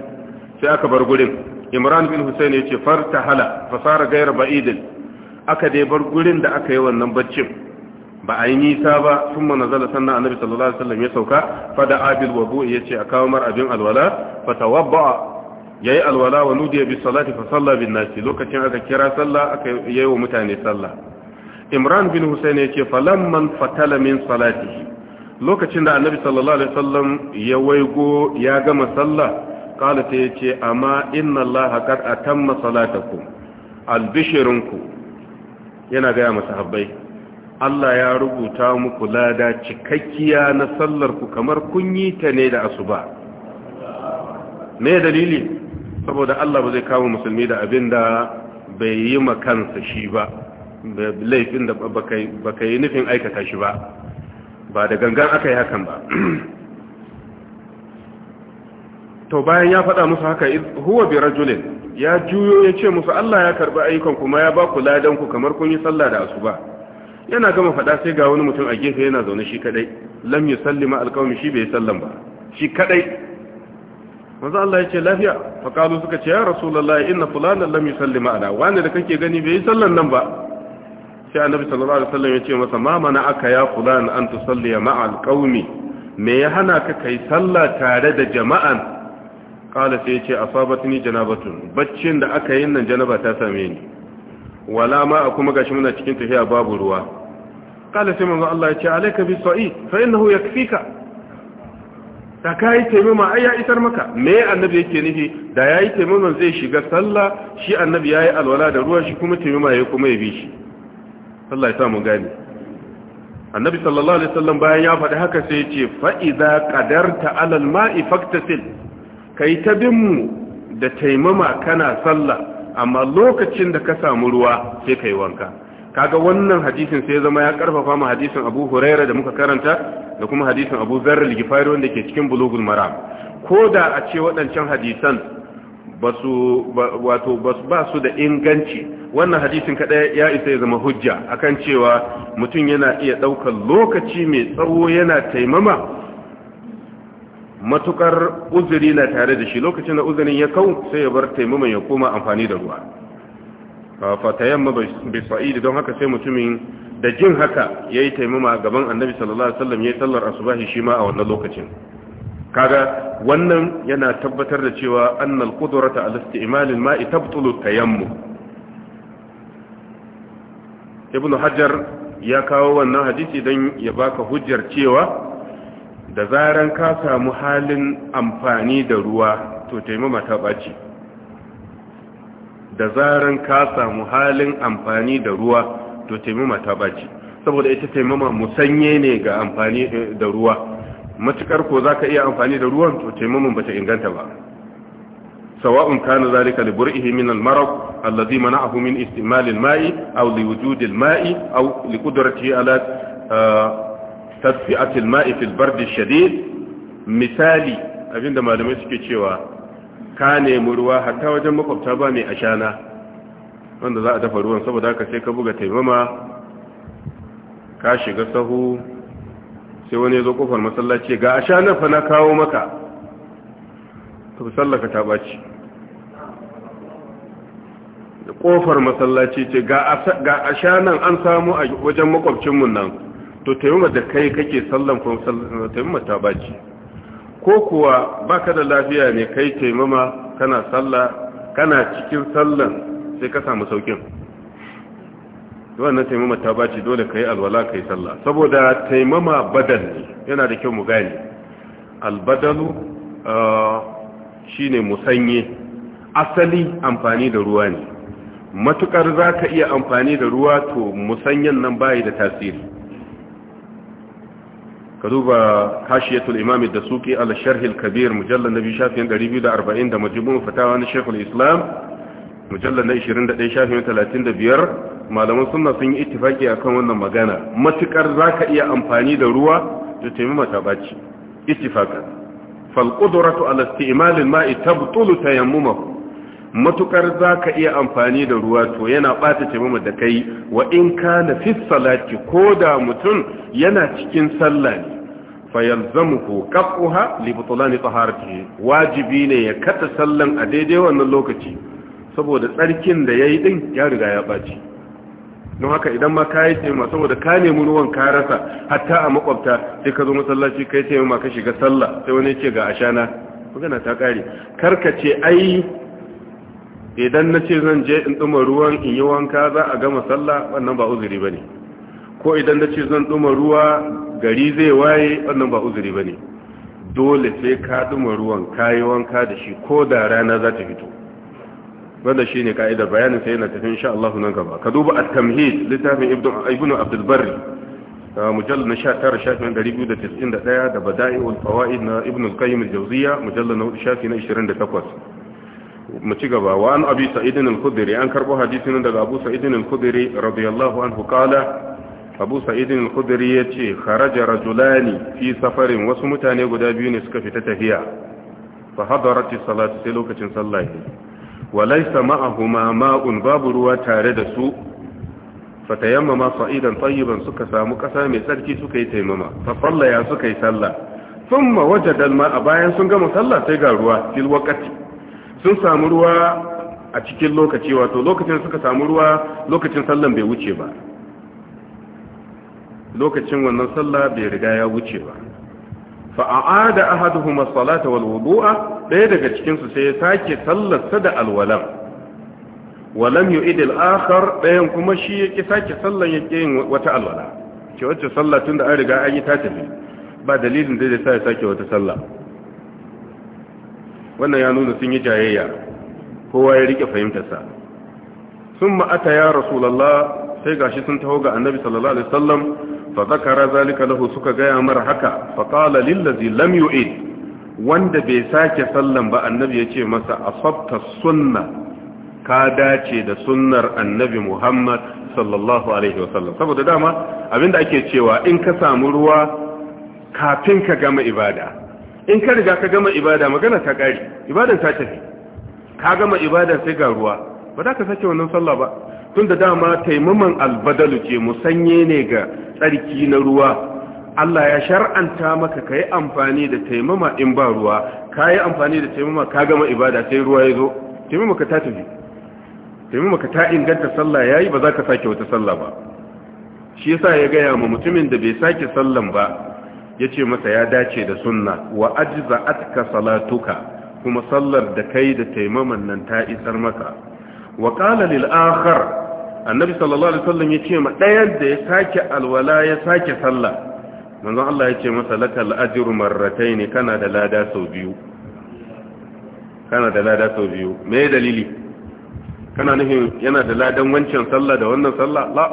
sai aka bar gurin imran bin Hussein ya ce farta hala fasara gaira ba'idin aka dai bar gurin da aka yi wannan baccin ba a yi nisa ba sun mana zala sannan annabi sallallahu alaihi wasallam ya sauka fada abil wabu ya ce a kawo mar abin alwala fa tawabba ya yi alwala wa nudiya bi salati fa salla bin nasi lokacin aka kira sallah aka yi wa mutane sallah imran bin Hussein ya ce falamman fatala min salatihi lokacin da annabi sallallahu alaihi wasallam ya waigo ya gama sallah kala ta yace amma inna allaha qad atamma albishirin ku yana gaya masu habbai Allah ya rubuta muku lada cikakkiya na sallar ku kamar kun yi ta ne da asuba me dalili saboda Allah ba zai kama musulmi da abin da bai yi makansa shi ba laifin da baka yi nufin aikata shi ba ba da gangan aka yi hakan ba to bayan ya faɗa musu haka huwa bi rajulin ya juyo ya ce musu Allah ya karɓi ayyukan kuma ya ba ku ladan ku kamar kun yi sallah da asuba yana gama faɗa sai ga wani mutum a gefe yana zaune shi kadai lam yusallima alqawmi shi bai sallan ba shi kadai manzo Allah ya ce lafiya fa kalu suka ce ya rasulullahi inna fulanan lam yusallima ala wani da kake gani bai sallan nan ba sai annabi sallallahu alaihi wasallam ya ce masa ma mana aka ya fulan an tusalliya ma'a alqawmi me ya hana ka kai sallah tare da jama'an kala sai ya ce a asabatni janabatun baccin da aka yin nan janaba ta same ni wala ma a kuma gashi muna cikin tafiya babu ruwa kala sai manzo Allah ya ce alayka bi sa'i fa innahu yakfika da kai ma ai ya isar maka me annabi yake nufi da yayi taimaman zai shiga sallah shi annabi yayi alwala da ruwa shi kuma taimama yayi kuma ya bi shi Allah ya sa mu gane annabi sallallahu alaihi wasallam bayan ya faɗi haka sai ya ce fa idza qadarta alal ma'i faktasil kai ta bin mu da taimama kana sallah amma lokacin da ka samu ruwa sai kai wanka kaga wannan hadisin sai zama ya karfafa mu hadisin Abu Huraira da muka karanta da kuma hadisin Abu Zarr al-Ghifari wanda ke cikin Bulughul Maram koda a ce waɗancan hadisan basu wato ba su da inganci wannan hadisin kada ya isa ya zama hujja akan cewa mutum yana iya daukar lokaci mai tsawo yana taimama matukar uzuri na tare da shi lokacin da uzurin ya kau sai ya bar taimaman ya koma amfani da ruwa yamma bai sa'id don haka sai mutumin da jin haka yayi taimama gaban annabi sallallahu alaihi wasallam yi sallar asubahi shi ma a wannan lokacin kaga wannan yana tabbatar da cewa annal qudrata ala isti'mal al-ma'i tabtulu tayammum ibnu hajar ya kawo wannan hadisi don ya baka hujjar cewa da zaran ka samu halin amfani da ruwa to taimama ta ɓaci da zaran ka samu halin amfani da ruwa to taimama ta ɓaci saboda ita taimama musanye ne ga amfani eh, da ruwa matukar ko za ka iya amfani da ruwan to taimaman mun ta inganta ba sawa'un kana zalika li bur'ihi min al-marad alladhi mana'ahu min istimal al-ma'i aw li wujud al-ma'i aw li qudratihi ala ah, tasfi'atul ma'i fil bardi shadid misali abinda malamai suke cewa ka nemi ruwa hatta wajen makwabta ba mai ashana wanda za a dafa ruwan saboda haka sai ka buga taimama ka shiga sahu sai wani ya zo kofar masallaci ga ashana fa na kawo maka to sallaka ta baci kofar masallaci ce ga ashanan an samu a wajen makwabcinmu nan to taimama da kai kake sallan ko taimama ta baci ko kuwa baka da lafiya ne kai taimama kana sallah kana cikin sallan sai ka samu saukin wannan taimama ta baci dole kai alwala kai sallah saboda taimama badal ne yana da kyau mu gane albadalu ah, shine musanye asali amfani da ruwa ne matukar zaka iya amfani da ruwa to musanyen nan bai da tasiri ka duba hashiyatul imam da suke ala sharhil kabir mujallar na biyu shafin 240 da majibin fatawa na shekul islam mujallar na 21 shafin 35 malaman suna sun yi ittifaki a kan wannan magana matukar za ka iya amfani da ruwa da taimima ta baci ittifaka falƙuduratu ala isti'imalin ma'i tabtulu tayammumahu matukar za ka iya amfani da ruwa to yana ɓata taimama da kai wa in ka na fissalaki ko da mutum yana cikin sallah ne fayar zamu ko ƙafuha libutulani tsaharci wajibi ne ya kata sallan a daidai wannan lokaci saboda tsarkin da ya yi ɗin ya riga ya ɓaci don haka idan ma ka yi taimaka saboda ka nemi ruwan ka rasa hatta a makwabta sai ka zo masallaci kai taimaka ka shiga sallah sai wani ce ga ashana magana ta ƙare ka ce ai idan na ce zan je in ɗuma ruwan in yi wanka za a gama sallah wannan ba uzuri ba ne ko idan na ce zan ɗuma ruwa gari zai waye wannan ba uzuri ba ne dole sai ka ɗuma ruwan ka yi wanka da shi ko da rana za ta fito wanda shi ne ka'ida bayanin sai yana tafi insha Allah nan gaba ka duba at-tamhid littafin ibnu abdul barri mujallad na 19 shafin 291 da bada'iul fawaid na ibnu al-qayyim al jawziya mujallad na 28 mu ci gaba wa an abi sa'idin al-khudri an karbo hadisin daga abu sa'idin al-khudri radiyallahu anhu qala abu sa'idin al-khudri yace kharaja rajulani fi safarin wasu mutane guda biyu ne suka fita tafiya fa hadarat salatu sai lokacin sallah wa laysa ma'ahuma ma'un babu ruwa tare da su fatayammama sa'idan tayyiban suka samu kasa mai tsarki suka yi taimama fa sallaya suka yi sallah thumma wajada al-ma'a bayan sun gama sallah sai ga ruwa fil waqti sun samu ruwa a cikin lokaci wato lokacin suka samu ruwa lokacin sallan bai wuce ba lokacin wannan sallah bai riga ya wuce ba fa'a'ada ahaduhum as-salata wal wudu'a ɗaya daga cikinsu sai ya sake sallarsa da alwalam walam yu'id al-akhar ɗayan kuma shi ya yake sake sallan yake yin wata alwala Ke wacce sallah tunda an riga an yi ta tafi ba dalilin da zai sa ya sake wata sallah wannan ya nuna sun yi jayayya kowa ya rike fahimtarsa sun ma'ata ya rasulallah sai gashi sun taho ga annabi sallallahu alaihi wasallam fa zakara zalika lahu suka gaya mara haka fa qala lil ladzi lam yu'id wanda bai sake sallan ba annabi ya ce masa asabta sunna ka dace da sunnar annabi Muhammad sallallahu alaihi wasallam saboda dama abinda ake cewa in ka samu ruwa kafin ka gama ibada in ka riga ka gama ibada magana ta ƙari ibadan ta tafi ka gama ibada sai ga ruwa ba za ka sake wannan sallah ba tun da dama taimaman albadalu ce musanye ne ga tsarki na ruwa Allah ya shar'anta maka ka yi amfani da taimama in ba ruwa ka yi amfani da taimama ka gama ibada sai ruwa ya zo taimama ka ta tafi taimama ka ta inganta sallah ya yi ba za ka sake wata sallah ba shi yasa ya gaya ma mutumin da bai sake sallan ba ya ce masa ya dace da sunna wa ajza'atka salatuka kuma sallar da kai da taimaman nan ta isar maka wa qala lil annabi sallallahu alaihi sallam ya ce ma dayan da ya sake alwala ya sake sallah manzon Allah ya ce masa lakal ajru ne kana da lada sau biyu kana da lada sau biyu me dalili kana nufin yana da ladan wancan sallah da wannan sallah la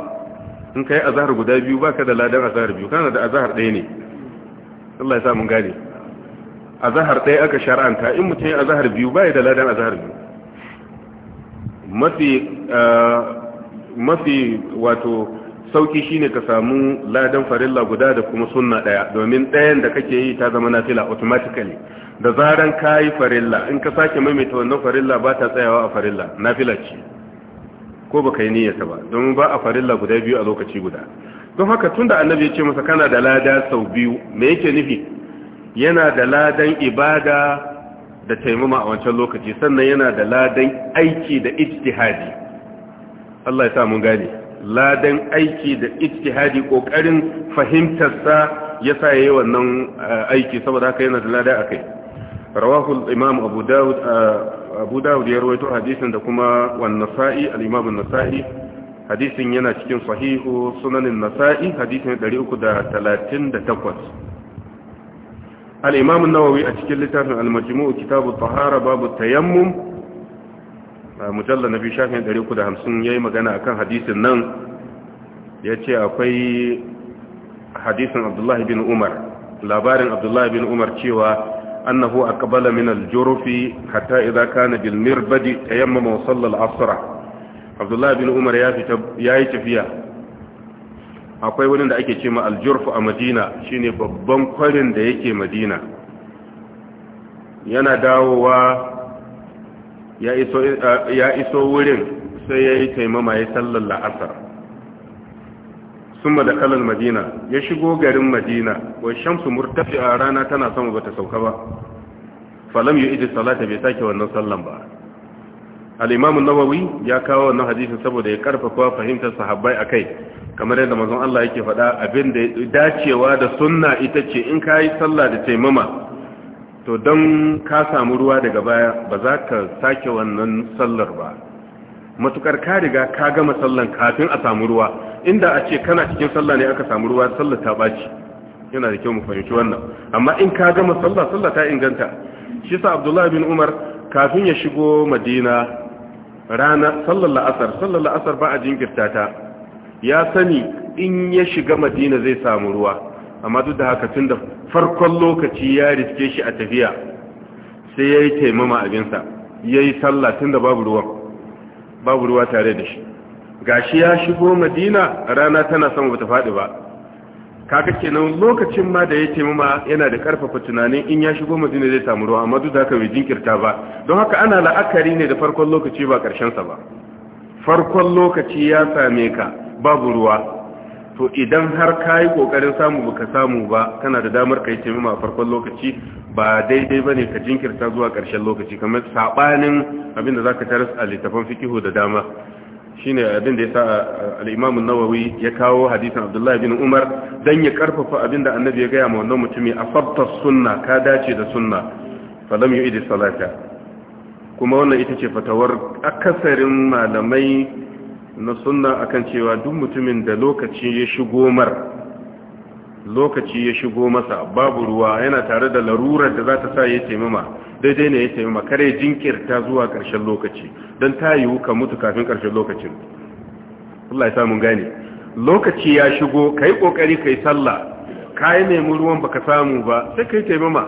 in ka yi azahar guda biyu baka da ladan azahar biyu kana da azahar ɗaya ne Allah ya sa mun gane azhar ɗaya aka shar'anta in mutum ya azhar biyu bai da ladan azhar biyu mafi mafi wato sauki shine ka samu ladan farilla guda da kuma sunna daya domin dayan da kake yi ta zama nafila automatically da zaran kai farilla in ka sake maimaita wannan farilla ba ta tsayawa a farilla nafila ce ko baka yi niyyata ba domin ba a farilla guda biyu a lokaci guda don haka tun da annabi ya ce masa kana da lada sau biyu me yake nufi yana da ladan ibada da taimama a wancan lokaci sannan yana da ladan aiki da ijtihadi Allah ya sa mun gane ladan aiki da ijtihadi kokarin fahimtar sa yasa yayi wannan eh, aiki saboda haka yana da lada akai rawahu al-imam Abu Dawud eh, Abu Dawud ya rawaito hadisin da kuma wan-Nasa'i al-imam an-Nasa'i hadisin yana cikin sahihu sunanin nasa'i hadisin 338 al-imam an-nawawi a cikin littafin al-majmu' kitab at-tahara bab at-tayammum mujallad nabi shafin 350 yayi magana akan hadisin nan yace akwai hadisin abdullahi bin umar labarin abdullahi bin umar cewa annahu aqbala min al-jurfi hatta idha kana bil mirbadi tayammama wa sallal asra abdullah bin umar ya yi tafiya akwai wani da ake ce ma aljurfu a madina shine babban kwarin da yake madina yana dawowa ya iso wurin sai ya yi taimama ya sallar la'asar sun da kalar madina ya shigo garin madina wai shamsu murtafi a rana tana sama bata sauka ba falam yi iji salata bai sake wannan sallan ba al-imam an-nawawi ya kawo wannan hadisin saboda ya karfafa fahimtar sahabbai akai kamar yadda manzon Allah yake faɗa abin da dacewa da sunna ita ce in yi sallah da taimama to don ka samu ruwa daga baya ba za ka sake wannan sallar ba matukar ka riga ka gama sallan kafin a samu ruwa inda a ce kana cikin sallah ne aka samu ruwa sallar ta baci yana da kyau mu fahimci wannan amma in ka gama sallah sallah ta inganta shi sa abdullahi bin umar kafin ya shigo madina rana sallar la'asar sallar la'asar ba a jinkirta ta ya sani in ya shiga madina zai samu ruwa amma duk da haka tun da farkon lokaci ya riske shi a tafiya sai ya yi taimama abinsa ya yi sallah tun da babu ruwa babu ruwa tare da shi Ga shi ya shigo madina rana tana sama bata faɗi ba kaka kenan lokacin ma da ya taimu yana da karfafa tunanin in ya shigo madina zai samu ruwa amma duk da haka bai jinkirta ba don haka ana la'akari ne da farkon lokaci ba karshen sa ba farkon lokaci ya same ka babu ruwa to idan har kayi kokarin samu baka samu ba kana da damar kai ce ma farkon lokaci ba daidai bane ka jinkirta zuwa karshen lokaci kamar sabanin abinda zaka tarasa a littafin fikihu da dama shine abin da ya sa al-Imam an-Nawawi ya kawo hadisin Abdullah bin Umar dan ya karfafa abin da Annabi ya gaya ma wannan mutumi afatta sunna ka dace da sunna falam yu'id salata kuma wannan ita ce fatawar akasarin malamai na sunna akan cewa duk mutumin da lokaci ya shigo mar lokaci ya shigo masa babu ruwa yana tare da larurar da za ta sa ya taimama daidai ne ya taimaka kare jinkirta zuwa ƙarshen lokaci don ta yiwu ka mutu kafin ƙarshen lokacin Allah ya samu gane lokaci ya shigo kai kokari kai sallah kai nemi ruwan baka samu ba sai kai taimama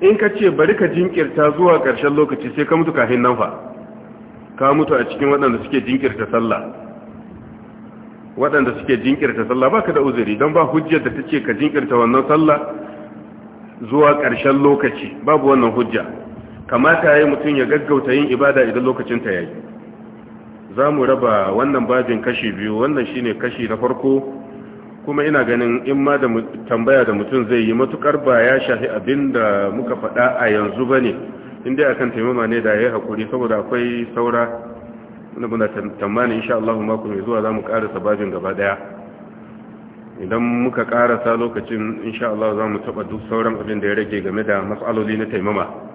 in ka ce bari ka jinkirta zuwa ƙarshen lokaci sai ka mutu kafin nan fa ka mutu a cikin waɗanda suke jinkirta sallah waɗanda suke jinkirta sallah baka da uzuri don ba hujjar da ta ce ka jinkirta wannan sallah zuwa ƙarshen lokaci babu wannan hujja kamata yayi mutum ya gaggauta yin ibada idan lokacin ta yayi za mu raba wannan babin kashi biyu wannan shine kashi na farko kuma ina ganin in ma da tambaya da mutum zai yi matukar ba ya shafi abinda da muka faɗa a yanzu ba ne dai akan taimama ne da ya haƙuri saboda akwai saura wani muna tambanin insha Allah mako mai zuwa za mu ƙarasa babin gaba ɗaya idan muka ƙarasa lokacin insha Allah za mu taɓa duk sauran abin da ya rage game da matsaloli na taimama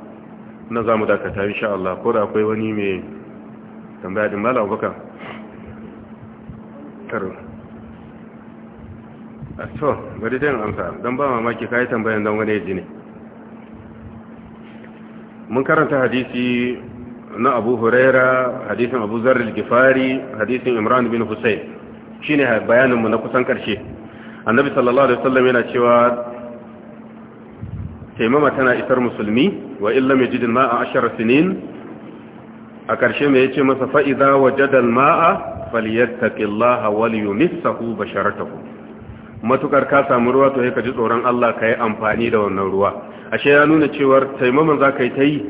na mu dakata sha Allah ko da akwai wani mai tambaya din mala abubakar karo a to bari dan amsa don ba mamaki ka yi tambayan don wani yaji ne mun karanta hadisi na Abu Huraira hadisin Abu Zarr gifari hadisin Imran bin Husayn shine ne bayaninmu na kusan karshe annabi sallallahu alaihi wasallam yana cewa taimama tana isar musulmi wa illa mai jidin ma'a ashar sinin a ƙarshe mai ya ce masa fa'iza wa jadal ma'a falyattakillaha nisahu matukar ka samu ruwa to ka ji tsoron Allah ka yi amfani da wannan ruwa ashe ya nuna cewar taimaman za ka yi ta yi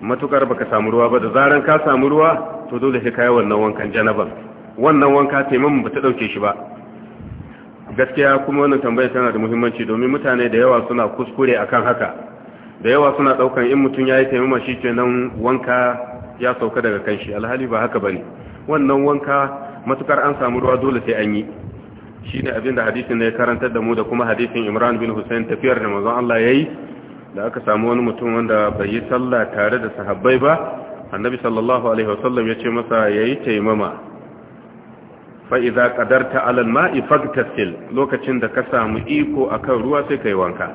matukar ka samu ruwa ba da zaren ka samu ruwa to dole sai ka yi wannan wankan Janabar. wannan wanka taimaman ba ta ɗauke shi ba gaskiya kuma wannan tambaya tana da muhimmanci domin mutane da yawa suna kuskure akan haka da yawa suna daukan in mutum ya yi taimama nan wanka ya sauka daga kanshi alhali ba haka bane wannan wanka matukar an samu ruwa dole sai an yi shine abin da hadisin ya karantar da mu da kuma hadisin Imran bin Hussein tafiyar da manzon Allah yi da aka samu wani mutum wanda bai yi sallah tare da sahabbai ba annabi sallallahu alaihi wasallam ya ce masa ya yi taimama fa’iza ƙadarta alal ma’i faktassil lokacin da ka samu iko a kan ruwa sai ka yi wanka.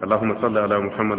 Allahumma salli ala Muhammad